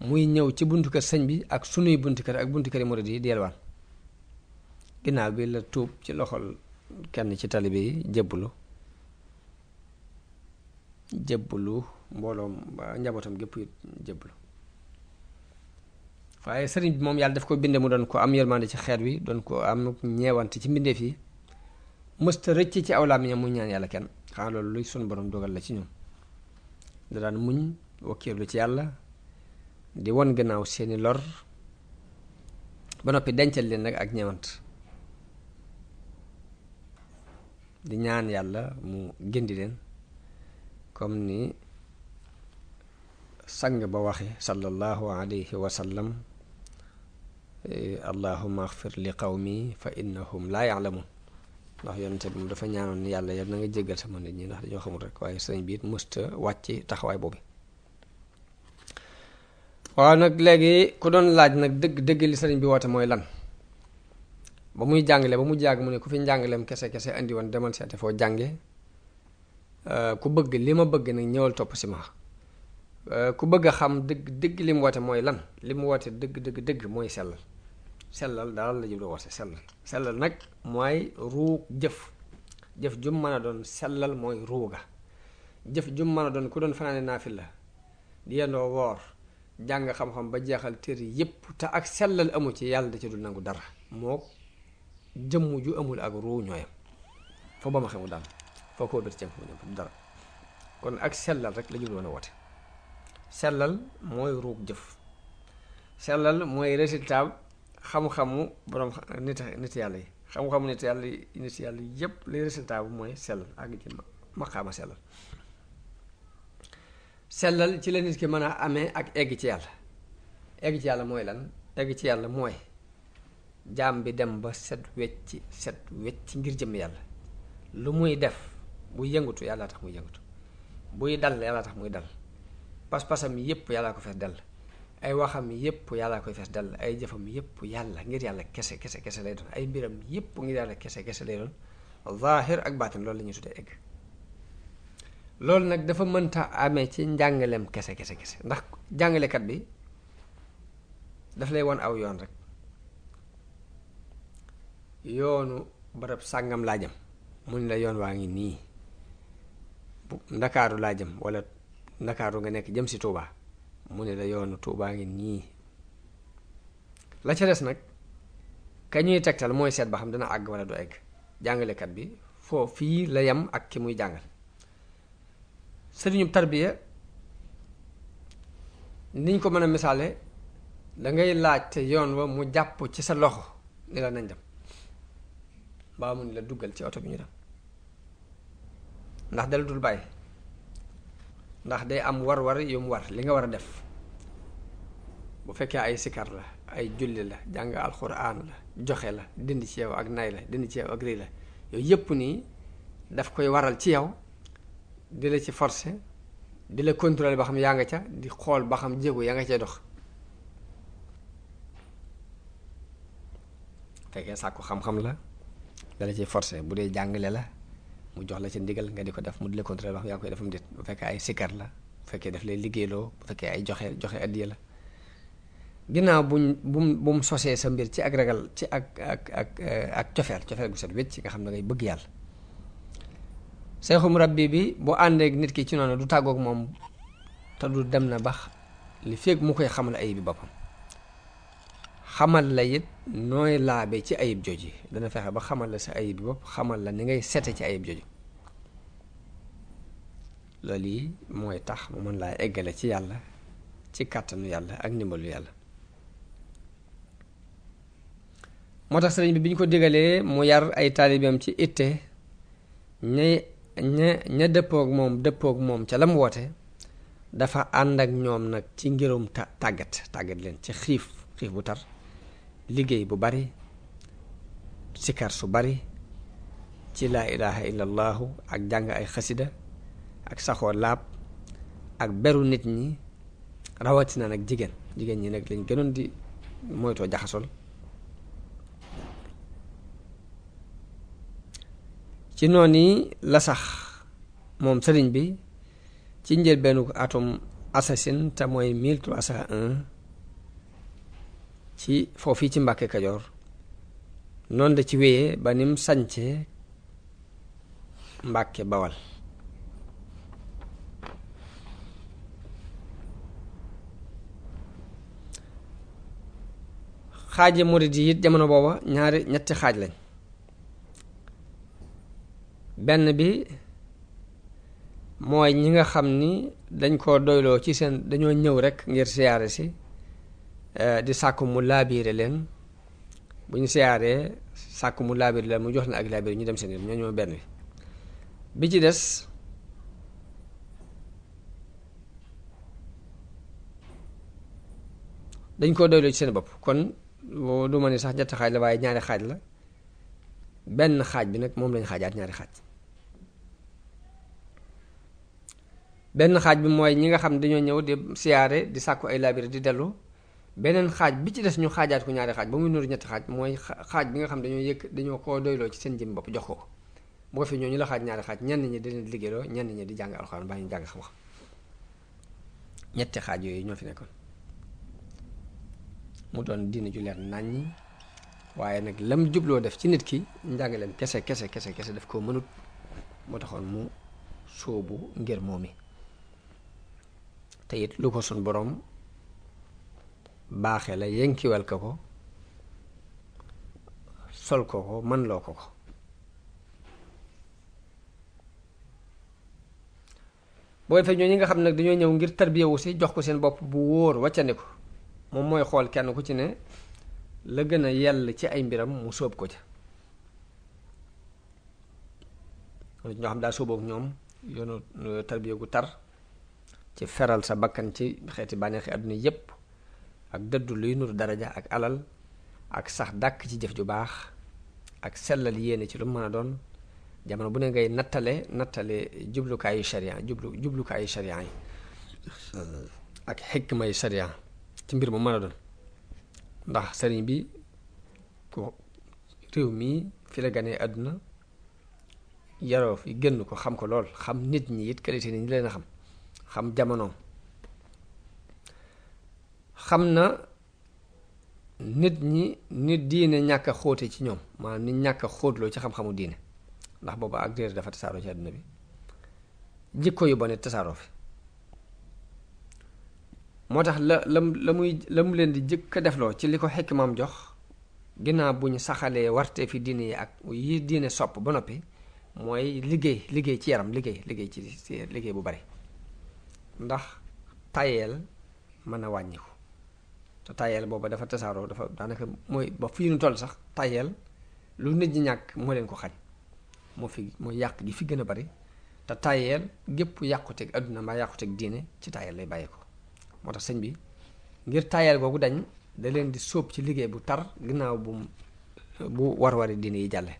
muy ñëw ci buntu kër sëñ bi ak sunuy buntu kër ak buntu kër yi murid yi delluwaan ginnaaw bi la tuub ci loxol kenn ci talibe yi jébbalu jébbalu mbooloom ba njabootam gépp jëblu waaye sëriñ bi moom yàlla daf ko binde mu doon ko am yërmande ci xeet wi doon ko am ñeewant ci mbindeef yi mësta rëcc ci aw làmmiñam mu ñaan yàlla kenn xanaa loolu luy sun borom dogal la ci ñoom da daan muñ wakkiirlu ci yàlla di won gannaaw seeni lor ba noppi dencal leen nag ak ñeewant di ñaan yàlla mu gindi leen comme ni sang ba waxe sallallahu alayhi wa sallam e, allahuma axfir li qawmi fa innahum laa yaalamun ndax yonente bi moom dafa ñaanoon yàlla yal na nga jéggal sama nit ñi ndax dañoo xamul rek waaye sëñ bi it mësta wàcc taxawaay boobu waaw nag léegi ku doon laaj nag dëgg dëgg li sëriñ bi woote mooy lan ba muy jàngale ba mu jàng mu ne ku fi njàngaleem kese kese andi woon demal seete foo jànge ku bëgg li ma bëgg nag ñëwal topp si ma Euh, ku bëgg a xam dëgg dëgg li mu woote mooy lan li mu woote dëgg dëgg dëgg mooy sellal sellal daal la jublu woote sellal sellal nag mooy ruug jëf jëf jum mën a doon sellal mooy ruuga jëf jum mën a doon ku doon fanaane naafila di yendoo woor jàng xam-xam ba jeexal téere yépp te ak sellal amul ci yàlla di ci du nangu dara moo jëmm ju amul ak ruu ñooyam foo ba ma xamul daal foo ko wér ci dara kon ak sellal rek la jublu woon a woote sellal mooy ruug jëf sellal mooy résultat xam-xamu borom nit nit yàlla yi xam-xamu nit yàlla yi nit yépp li résultat bi mooy sellal ak ci maqaama sellal sellal ci la nit ki mën a amee ak egg ci yàlla egg ci yàlla mooy lan egg ci yàlla mooy jaam bi dem ba set wecc set wecc ngir jëm yàlla lu muy def buy yëngatu yàlla tax muy yëngatu buy dal yàlla tax muy dal pas-pasam yépp yàllaa ko fees dell ay waxam yépp yàllaa koy fees dell ay jëfam yépp yàlla ngir yàlla kese kese kese lay doon ay mbiram yépp ngir yàlla kese kese lay doon zaahir ak baatin lool la ñuy tuddee egg loolu nag dafa mënta ame ci njàngalem kese kese kese ndax jàngalekat bi daf lay won aw yoon rek yoonu barab sàngam laa jëm mu ne la yoon waa ngi nii ndakaaru laa jëm wala ndakaaru nga nekk jëm si Touba mu ne la yoonu Touba ngi nii la ca des nag ka ñuy tegtal mooy seet ba xam dana àgg wala du egg jàngalekat bi foo fii la yam ak ki muy jàngal sëriñub tarbiya niñ ko mën a misaale dangay laajte yoon wa mu jàpp ci sa loxo ni la nañ dem baa mu ni la duggal ci oto bi ñu dem ndax dala dul bàyyi ndax day am war-war yu mu war li nga war a def bu fekkee ay sikar la ay julli la jàng alxuraan la joxe la dindi ci yow ak nay la dindi ci yow ak rii la yooyu yëpp nii daf koy waral ci yow di la ci force di la contrôler ba xam yaa nga ca di xool ba xam jéego yaa nga ca dox fekkee sàkku xam-xam la dala ci forcer bu dee jàngale la mu jox la ca ndigal nga di ko def mu di la contrôler wax yaa koy defam déet bu fekkee ay sikar la bu fekkee daf lay liggéeyloo bu fekkee ay joxee joxe addiya la ginnaaw buñ bum bu mu sosee sa mbir ci ak ragal ci ak ak ak eh, ak cofeel cofeel gu set ci nga xam ne ngay bëgg yàlla seexum rabbi bi boo àndeek nit ki ci noonu du tàggook moom te du dem na bax li feeg mu koy xamal ay bi boppam xamal la it nooy laabe ci ayib jooju dana fexe ba xamal la sa ayib bopp xamal la ni ngay sete ci ayib jooju loolu yi mooy tax mu mën laa eggale ci yàlla ci kàttanu yàlla ak ndimbalu yàlla moo tax sëriñ bi bi ñu ko digalee mu yar ay taalibeem ci itte ña ña ña dëppoog moom dëppoog moom ca lam woote dafa ànd ak ñoom nag ci ngirum tàggat tàggat leen ci xiif xiif bu tar liggéey bu bari sikar su bari ci laa ilaha illallahu ak jàng ay xasida ak saxoo laab ak beru nit ñi rawatina nag jigéen jigéen ñi nag lañ gënoon di moytoo jaxasol ci noonu la sax moom sëriñ bi ci njëlbeenu atum assasine te mooy 1301 ci foofii ci Mbàkke Kajoor noonu da ci wéyee ba nim sañcee Mbàkke Bawal xaaje murid yi it jamono booba ñaari ñetti xaaj lañ benn bi mooy ñi nga xam ni dañ ko doyloo ci seen dañoo ñëw rekk ngir siyaare si Eh, di sàkku mu laabiire leen bu ñu siyaaree sàkku mu laabiire leen mu jox na ak laabiire ñu dem seen yoon ñoo benn bi ci des dañ koo doyloo ci seen bopp kon du ma ne sax ñetti xaaj la waaye ñaari xaaj la benn xaaj bi nag moom lañ xaajaat ñaari xaaj benn xaaj bi mooy ñi nga xam dañoo ñëw di siyaare di sàkku ay laabire di dellu beneen xaaj bi ci des ñu xaajaat ko ñaari xaaj ba muy nuru ñetti xaaj mooy xaaj bi nga xam dañoo yëkk dañoo ko doyloo ci seen jëm bopp jox ko ko bu ko fi ñoo ñu la xaaj ñaari xaaj ñenn ñi di leen liggéeyloo ñenn ñi di jàng alxuraan baa ñu jàng xam-xam ñetti xaaj yooyu ñoo fi nekkoon mu doon diina ju leer nàññi waaye nag lam jubloo def ci nit ki njàngaleen kese kese kese kese daf koo mënut moo taxoon mu sóobu ngir moom mi te it lu ko sun boroom baaxee la yenkiwal ko ko sol ko ko mën loo ko ko boo defee ñoo ñi nga xam ne nag dañoo ñëw ngir tarbiyewu si jox ko seen bopp bu wóor wàccandi ko moom mooy xool kenn ku ci ne la gën a yell ci ay mbiram mu sóob ko ca ñoo xam daa sóobook ñoom yoonu euh, tarbiye gu tar ci feral sa bakkan ci xeeti bànneexi àdduna yépp ak dëddu luy nuru daraja ak alal ak sax dàkk ci jëf ju baax ak sellal yéene ci lu mën a doon jamono bu ne ngay nattale nattale jublukaayu sharia jublu jublukaayu sharia yi ak xikma yu sharia ci mbir mu mën a doon ndax sëriñ bi ku réew mii fi ganee àdduna yaroo fi génn ko xam ko lool xam nit ñi it qualité ni ñi leen a xam xam jamono xam na nit ñi nit diine ñàkk a xóote ci ñoom maanaam nit ñàkk a xóotloo ci xam-xamu diine ndax booba ak réer dafa tasaaroo ci àdduna bi jikko yu bone tasaaroo fi moo tax la la la muy la mu leen di jëkk a defloo ci li ko xekk maam jox ginnaaw bu ñu saxalee warte fi diine yi ak yi diine sopp ba noppi mooy liggéey liggéey ci yaram liggéey liggéey ci liggéey bu bari ndax tayeel mën a wàññiku te tayel booba dafa tasaaroo dafa daanaka mooy ba fii nu toll sax tayel lu nit ñi ñàkk moo leen ko xañ moo fi mooy yàq gi fi gën a bari te tayel gépp yàquteeg adduna mbaa yàquteeg diine ci tayel lay bàyyi ko moo tax sëñ bi ngir tayel googu dañ da leen di sóob ci liggéey bu tar ginnaaw bu bu war-wari diine yi jàlle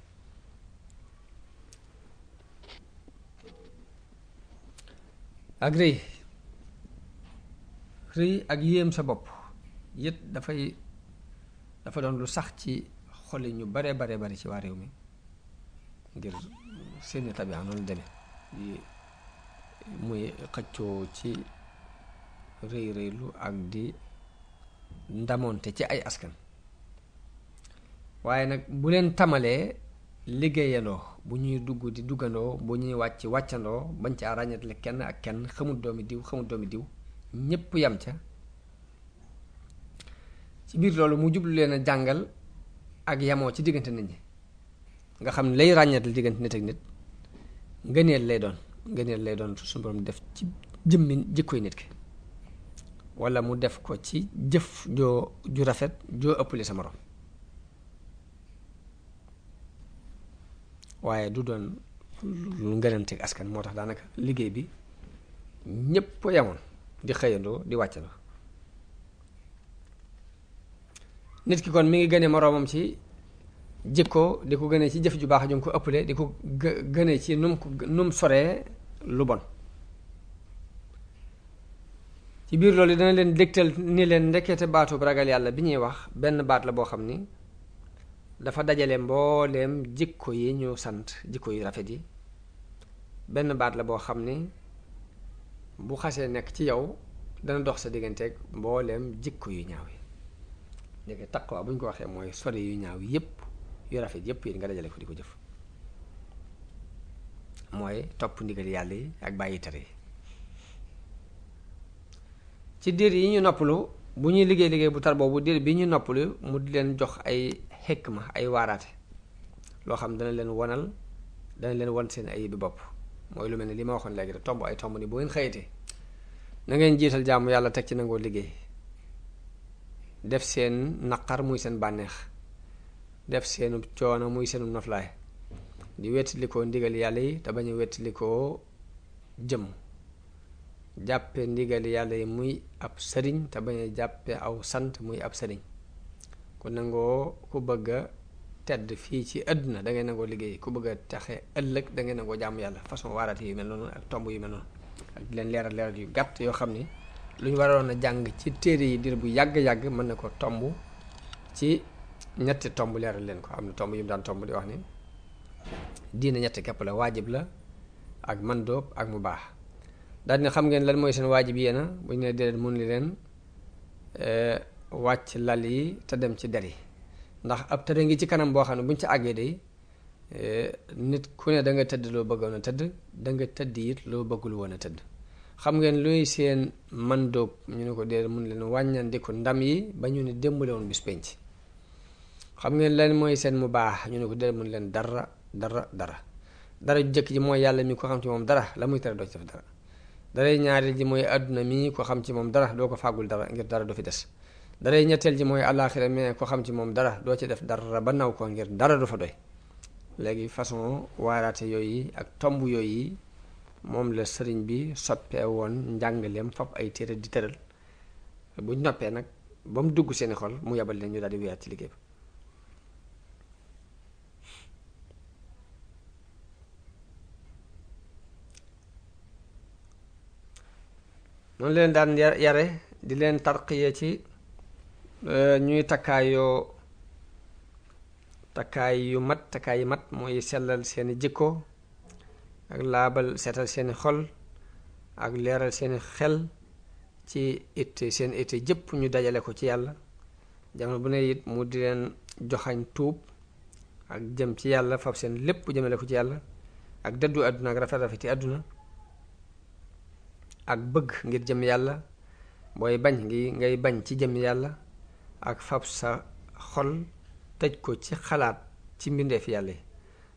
ak rëy ak yéem sa bopp it dafay dafa doon lu sax ci xole ñu bare bare bari ci waa réew mi ngir seeni tabia noonu demee yi muy xëccoo ci rëy rëylu ak di ndamoonte ci ay askan waaye nag bu leen tamalee liggéeyandoo bu ñuy dugg di duggandoo bu ñuy wàcc wàccandoo bañ caa ràññatle kenn ak kenn xamut doomi diw xamut doomi diw ñépp yam ca ci biir loolu mu jublu leen a jàngal ak yamoo ci diggante nit ñi nga xam lay ràññeetal diggante nit ak nit ngëneel lay doon ngëneel lay doon suñu def ci jëmmi jikkoy nit ki walla mu def ko ci jëf joo ju rafet joo ëppale sa morom waaye du doon lu ngënanteeg askan moo tax daanaka liggéey bi ñépp yamoon di xëyandoo di wàccandoo nit ki kon mi ngi gënee moroomam ci jikko di ko gënee ci jëf ju baax ju ko ëppale di ko gënee ci num ko num soree lu bon ci biir loolu dana leen dégtal ni leen ndekete baatu ragal yàlla bi ñuy wax benn baat la boo xam ni dafa dajale mbooleem jikko yi ñu sant jikko yu rafet yi benn baat la boo xam ni bu xasee nekk ci yow dana dox sa digganteeg mbooleem jikko yu ñaaw yi léegi taqwa bu ñu ko waxee mooy sori yu ñaaw yépp yu rafet yépp yi nga dajale ko di ko jëf mooy topp ndigal yàlla yi ak bàyyi tere yi ci diir yi ñu noppalu bu ñuy liggéey liggéey bu tar boobu diir bi ñu noppalu mu di leen jox ay xikma ay waaraate loo xam dana leen wanal dana leen wan seen ay bi bopp mooy lu mel ni li ma waxoon léegi rek tomb ay tomb ni bu ngeen xëyatee na ngeen jiital jàmm yàlla teg ci nangoo liggéey def seen naqar muy seen bànneex def seenu coono muy seenu noflaay di wettalikoo ndigal yàlla yi te bañ a jëm jàppe ndigal yàlla yi muy ab sëriñ te bañ a jàppe aw sant muy ab sëriñ ku nangoo ku bëgg a tedd fii ci àdduna da ngay nangoo liggéey ku bëgg texe taxe ëllëg da ngay nangoo jàmm yàlla façon waaraate yu mel noonu ak tomb yu mel noonu ak leen leeral leeral yu gàtt yoo xam ni lu ñu waroon a jàng ci téere yi diir bu yàgg-yàgg mën na ko tomb ci ñetti tomb leeral leen ko am na tomb yu mu daan tomb di wax ni diina ñetti képp la waajib la ak man doob ak mu baax dal dina xam ngeen lan mooy seen waajib yéena bu ñu ne déedéet mun li leen eh, wàcc lal yi te dem ci der yi ndax ab tëre ngi ci kanam boo xam ne buñ ci àggee day eh, nit ku ne da nga tëdd loo bëggoon a tëdd da nga tëdd it loo bëggul woon a tëdd xam ngeen luy seen man doog ñu ne ko dee mun leen wàññandi ko ndam yi ba ñu ne démb la woon xam ngeen lan mooy seen mu baax ñu ne ko dee mun leen dara dara dara dara ju jëkk ji mooy yàlla mi ko xam ci moom dara la muy tere doo ci def dara daray ji mooy àdduna mi ko xam ci moom dara doo ko fàggul dara ngir dara du fi des daray ñetteel ji mooy àllaaxira mais ko xam ci moom dara doo ci def dara ba naw ko ngir dara du fa doy léegi façon waaraate yooyu ak tomb yooyu moom la sëriñ bi soppee woon njàngaleem fab ay téere di tëral buñ noppee nag ba mu dugg seeni xol mu yabal leen ñu daal di wéyaat ci noonu leen daan yare di leen tarqiye ci e, ñuy takkaayoo takkaay yu mat takkaay yu mat mooy sellal seeni jikko ak laabal seetal seeni xol ak leeral seeni xel ci it seen it jëpp ñu dajale ko ci yàlla jamono bu ne it mu di leen joxañ tuub ak jëm ci yàlla fab seen lépp jëmale ko ci yàlla ak dëddu àdduna ak rafet rafeti àdduna ak bëgg ngir jëm yàlla booy bañ ngi ngay bañ ci jëm yàlla ak fab sa xol tëj ko ci xalaat ci mbindeef yàlla yi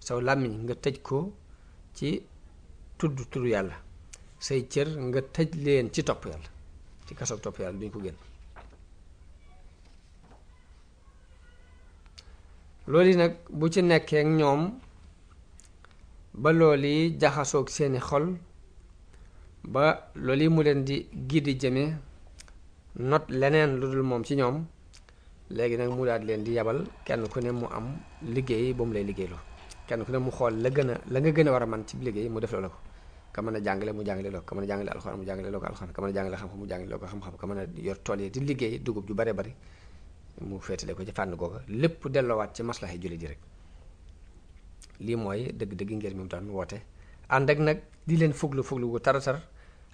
saw làmmiñ nga tëj ko ci tudd tudd yàlla say cër nga tëj leen ci topp yàlla ci kasoog topp yàlla duñ ko génn loolu yi nag bu ci nekkee ak ñoom ba loolu yi jaxasoog seeni xol ba loolu yi mu leen di di jëme not leneen lu dul moom ci ñoom léegi nag mu daal leen di yabal kenn ku ne mu am liggéey ba mu lay liggéeyloo kenn ku ne mu xool la gën a la nga gën a war a man ci liggéey mu def la ko ka mën a jàngale mu jàngale loo ko ka mën a jàngale alxuraan mu jàngale a jàngale xam-xam mu jàngale xam-xam ka mën a yor tool yi di liggéey dugub ju bare bari mu féetale ko ci fànn googa lépp delloowaat ci maslaxi jullit yi rek lii mooy dëgg-dëgg ngir mi daan woote ànd ak nag di leen fuglu fuglu tara taratar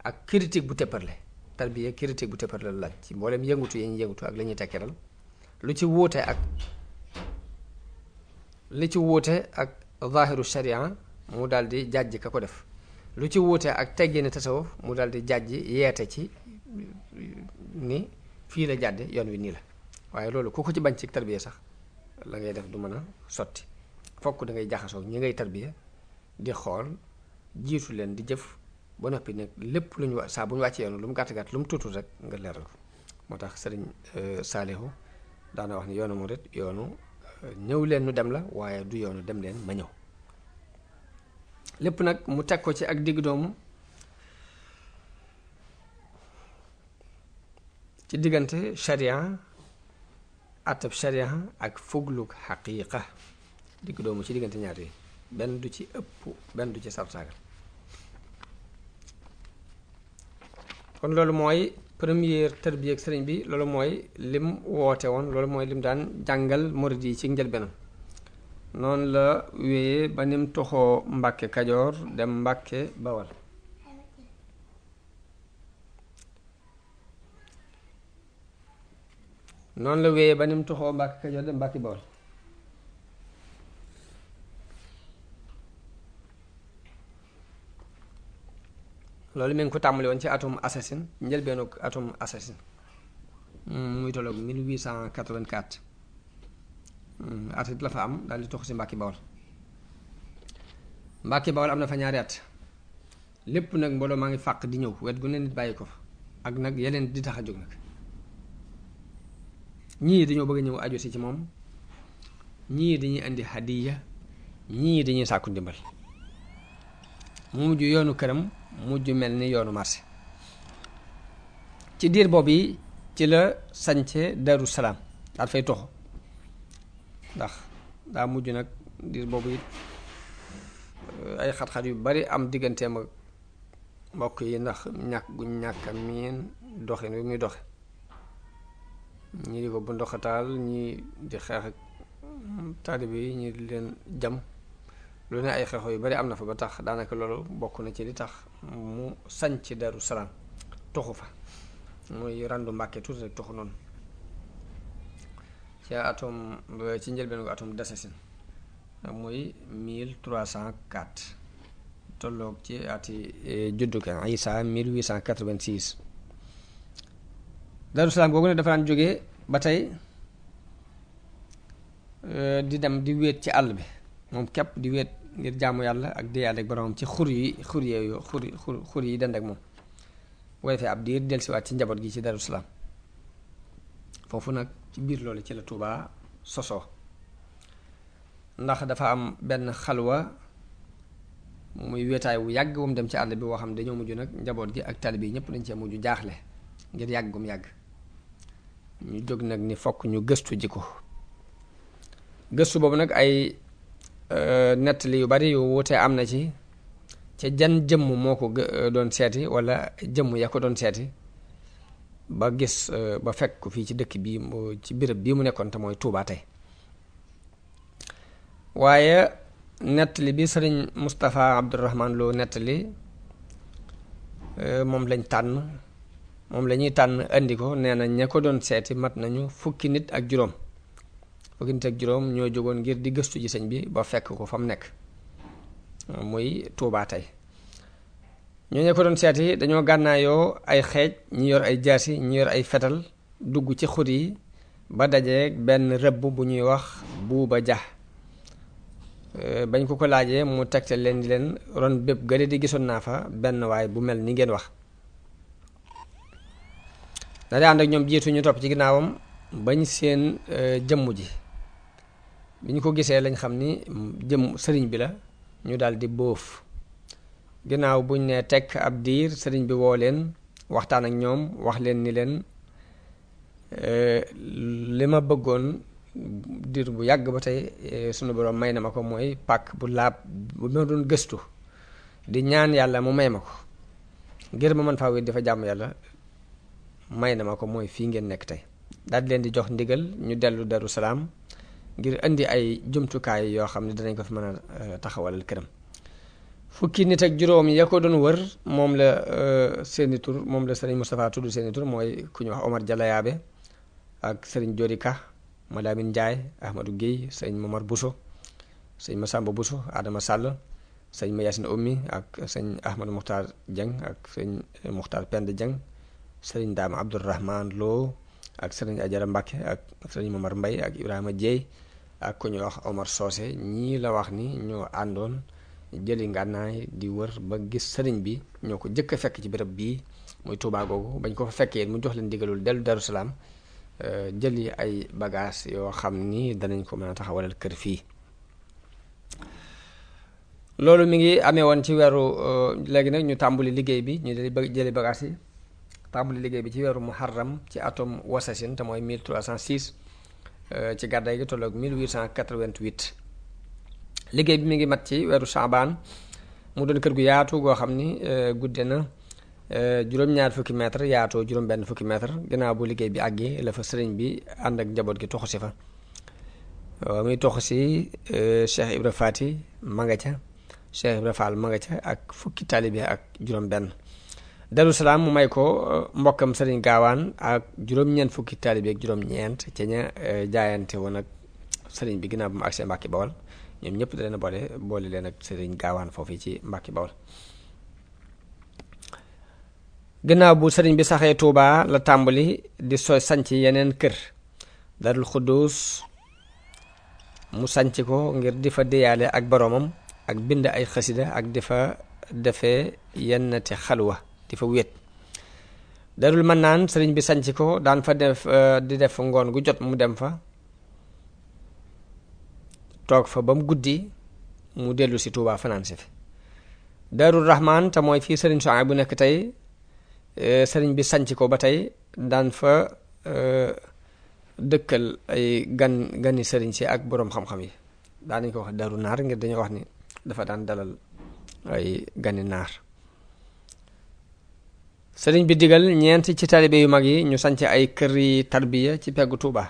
ak critique bu tépparle tarbiya critique bu tépparle laaj ci mboolem yëngutu yi ak la ñuy tekkiral lu ci wuute ak ci wuute zahiru sharia mu daal di jàjj def lu ci wuute ak teggini tasawuf mu daal di jàjj yeete ci fii la jàdde yoon wi nii la waaye loolu ku ci bañ ci tarbiya sax la ngay def du mën a sotti fokk da ngay jaxasoo ñi ngay tarbiya di xool jiitu leen di jëf ba noppi nag lépp lu ñu wa saa bu ñu wàccee yoon lu mu gàtt gàtt lu mu tuutul rek nga leeral ko moo tax sëriñ euh, Saalihu daana wax ni yoonu murit yoonu ñëw leen nu dem la waaye du yoonu dem leen ma ñëw lépp nag mu teg ko ci ak diggu doomu ci diggante sharia atab sharia ak fugluk xaqiiqa digg doomu ci diggante ñaar yi benn du ci ëpp benn du ci sabsaagal kon loolu mooy première tërbiyeeg sëriñ bi loolu mooy lim woote woon loolu mooy lim daan jàngal murid yi ci njëlbeenam noonu la wéyee ba nim toxoo Mbàkke Kajoor dem Mbàkke Bawal noonu la wéyee ba nim toxoo Mbàkke Kajoor dem Mbàkke Bawal loolu mi ngi ko tàmbali woon ci atum assassin njëlbeenu atum assassin mm, muy tolloog 1884 mm, at la fa am daal di tox si Mbàkke Bawol Mbàkke Bawol am na fa ñaari at lépp nag mbooloo maa ngi fàq di ñëw wet gu ne nit bàyyi ko fa ak nag yeneen di tax a jóg nag ñii dañoo bëgg ñëw aju si ci moom ñii dañuy indi hadiya ñii dañuy sàkku ndimbal mu mujj yoonu këram mujj mel ni yoonu marché ci diir boobu yi ci la sañce daru salaam daal toxo ndax daa mujj nag diir boobu it eh, ay xat-xat yu bari am digganteem ak mbokk yi ndax ñàkk gu ñàkk a miin doxin wi muy doxe ñi di ko bu ndoxataal ñi di xeex ak taalibe yi ñi di leen jam lu ne ay xew yu bari am na fa ba tax daanaka loolu bokk na ci li tax mu sañc daru salaan toxu fa muy randu mbàkke tuuti rek toxu noonu ci atum ci njëlbeen ko atum dasasin muy 1304 tolloog ci ati e, judduka Isa 1886 daru salaan googu ne dafa daan jógee ba tey e, di dem di wéet ci àll bi moom képp di wéet ngir jaamu yàlla ak deyaat ak boromam ci xur yi xur yooyu xur xur yi dend ak moom bu ko defee ab diir dellusiwaat ci njaboot gi ci Darou Salaam foofu nag ci biir loolu ci la Touba sosoo ndax dafa am benn xalwa muy wetaay wu yàgg wam dem ci àll bi woo xam dañoo mujj nag njaboot gi ak taalibe bii ñëpp dañ cee mujj jaaxle ngir yàggum yàgg ñu jóg nag ni fokk ñu gëstu ji ko gëstu boobu nag ay Euh, nettali yu bari yu wuute am na ci ca jan jëmm moo ko euh, doon seeti wala jëmm ya ko doon seeti ba gis euh, ba fekk ko fii ci dëkk bii ci béréb bii mu nekkoon te mooy Touba tey waaye nettali bi sëriñ Moustapha Abdourahman Lo nettali moom lañ tànn moom lañuy tànn indi ko nee na ña ko doon seeti mat nañu fukki nit ak juróom fukki nit ak juróom ñoo jógoon ngir di gëstu ji sëñ bi ba fekk ko fa nekk muy Tuubaa tey ñooñu ko doon seeti dañoo gànnaayoo ay xeej ñi yor ay jaasi ñi yor ay fetal dugg ci xur ba dajeeg benn rëbb bu ñuy wax buuba ja euh, bañ ko ko laajee mu tegte leen di leen ron bépp gële di gisoon naa fa benn waay bu mel ni ngeen wax da ànd ak ñoom jiitu ñu topp ci ginnaawam bañ seen euh, jëmm ji bi ñu ko gisee lañ xam ni jëm sëriñ bi la ñu daal di bóof ginnaaw buñ nee tekk ab diir sëriñ bi woo leen waxtaan ak ñoom wax leen ni leen euh, li ma bëggoon diir bu yàgg ba tey euh, sunu borom may na ma ko mooy pàkk bu laab bu ma doon gëstu di ñaan yàlla mu may ma ko ngir ma mën faa wér dafa jàmm yàlla may na ma ko mooy fii ngeen nekk tey daal leen di jox ndigal ñu dellu daru salaam ngir indi ay jumtukaay yoo xam ne danañ ko fi mën a euh, taxawalal këram fukki nit ak juróom ya ko doon wër moom la euh, seeni tur moom la sëriñ Moustapha tudd seeni tur mooy ku ñu wax Omar Jalayaabe ak sëriñ Jori ma Malamin Njaay Ahmadou Guèye sëriñ buso Bousso sëriñ Masamba Bousso Adama Sàll sëriñ Mayasin Ummi ak sëriñ Ahmadou Muxtaar Jeng ak sëriñ Muxtaar Pend Jeng sëriñ Daam Abdourahman Lo ak sëriñ Ajara Mbàkke ak sëriñ Momar Mbay ak Ibrahima Jeey ak ko ñuy wax Omar Soose ñii la wax ni ñoo àndoon jëli ngànnaay di wër ba gis sëriñ bi ñoo ko jëkk fekk ci béréb bii muy Tuubaa googu bañ ko fa fekkee mu jox leen digalul dellu Daru Salaam euh, jëli ay bagaas yoo xam ni danañ ko mën a taxawalal kër fii loolu mi ngi amee woon ci weeru euh, léegi nag ñu tàmbali liggéey bi ñu jëli bagages yi tàmbali liggéey bi ci weeru muharram ci atum wasasin te mooy 1306 euh, ci gàddaay gi tolloog 1888 liggéey bi mi ngi mat ci weeru Shaabaan mu doon kër gu yaatu goo xam ni euh, gudde na euh, juróom-ñaar fukki mètre yaatoo juróom-benn fukki mètre ginnaaw bu liggéey bi àggi la fa sëriñ bi ànd ak njaboot gi toxu si fa muy toxu si Cheikh Ibra Faati ma nga ca Cheikh Ibra Fall ma ca ak fukki taalibe ak juróom-benn Darou Salaam mu may ko euh, mbokkam sëriñ Gaawaan ak juróom-ñeent fukki taalibe juróom-ñeent ca ña euh, jaayante woon ak sëriñ bi ginnaaw bi mu agsee ñoom ñëpp da leen boole leen ak Serigne Gaawaan foofu ci Mbàkke Bawol ginnaaw bu sëriñ bi saxee Touba la tàmbali di so sañc yeneen kër darul xudduus mu sañc ko ngir di fa deyaale ak boroomam ak bind ay xasida ak di fa defee yennati xalwa di fa wéet darul mën naan sëriñ bi sanc ko daan fa def euh, di def ngoon gu jot mu dem fa toog fa ba mu guddi mu dellu si Tuubaa fanaan si fi darul rahman te mooy fii sëriñ Sohaybu bu nekk tey euh, sëriñ bi sanc ko ba tey daan fa euh, dëkkal ay gan gani sëriñ si ak boroom xam-xam yi dañ ko wax naar ngir dañuy wax ni dafa daan dalal ay gani naar sëriñ bi digal ñeent ci taalibe yu mag yi ñu sanc ay kër yi tarbiya ci peggu Touba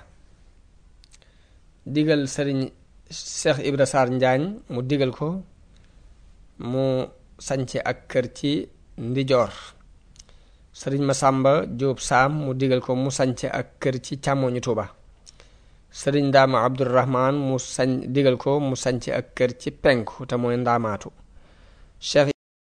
digal sëriñ Cheikh Ibra Sarr Njaañ mu digal ko mu sanc ak kër ci ndijoor sëriñ ma sàmba Jóob Saam mu digal ko mu sanc ak kër ci càmmoñu Touba sëriñ Ndaama Abdourahman mu sañ digal ko mu sanc ak kër ci penku te mooy ndaamaatu Cheikh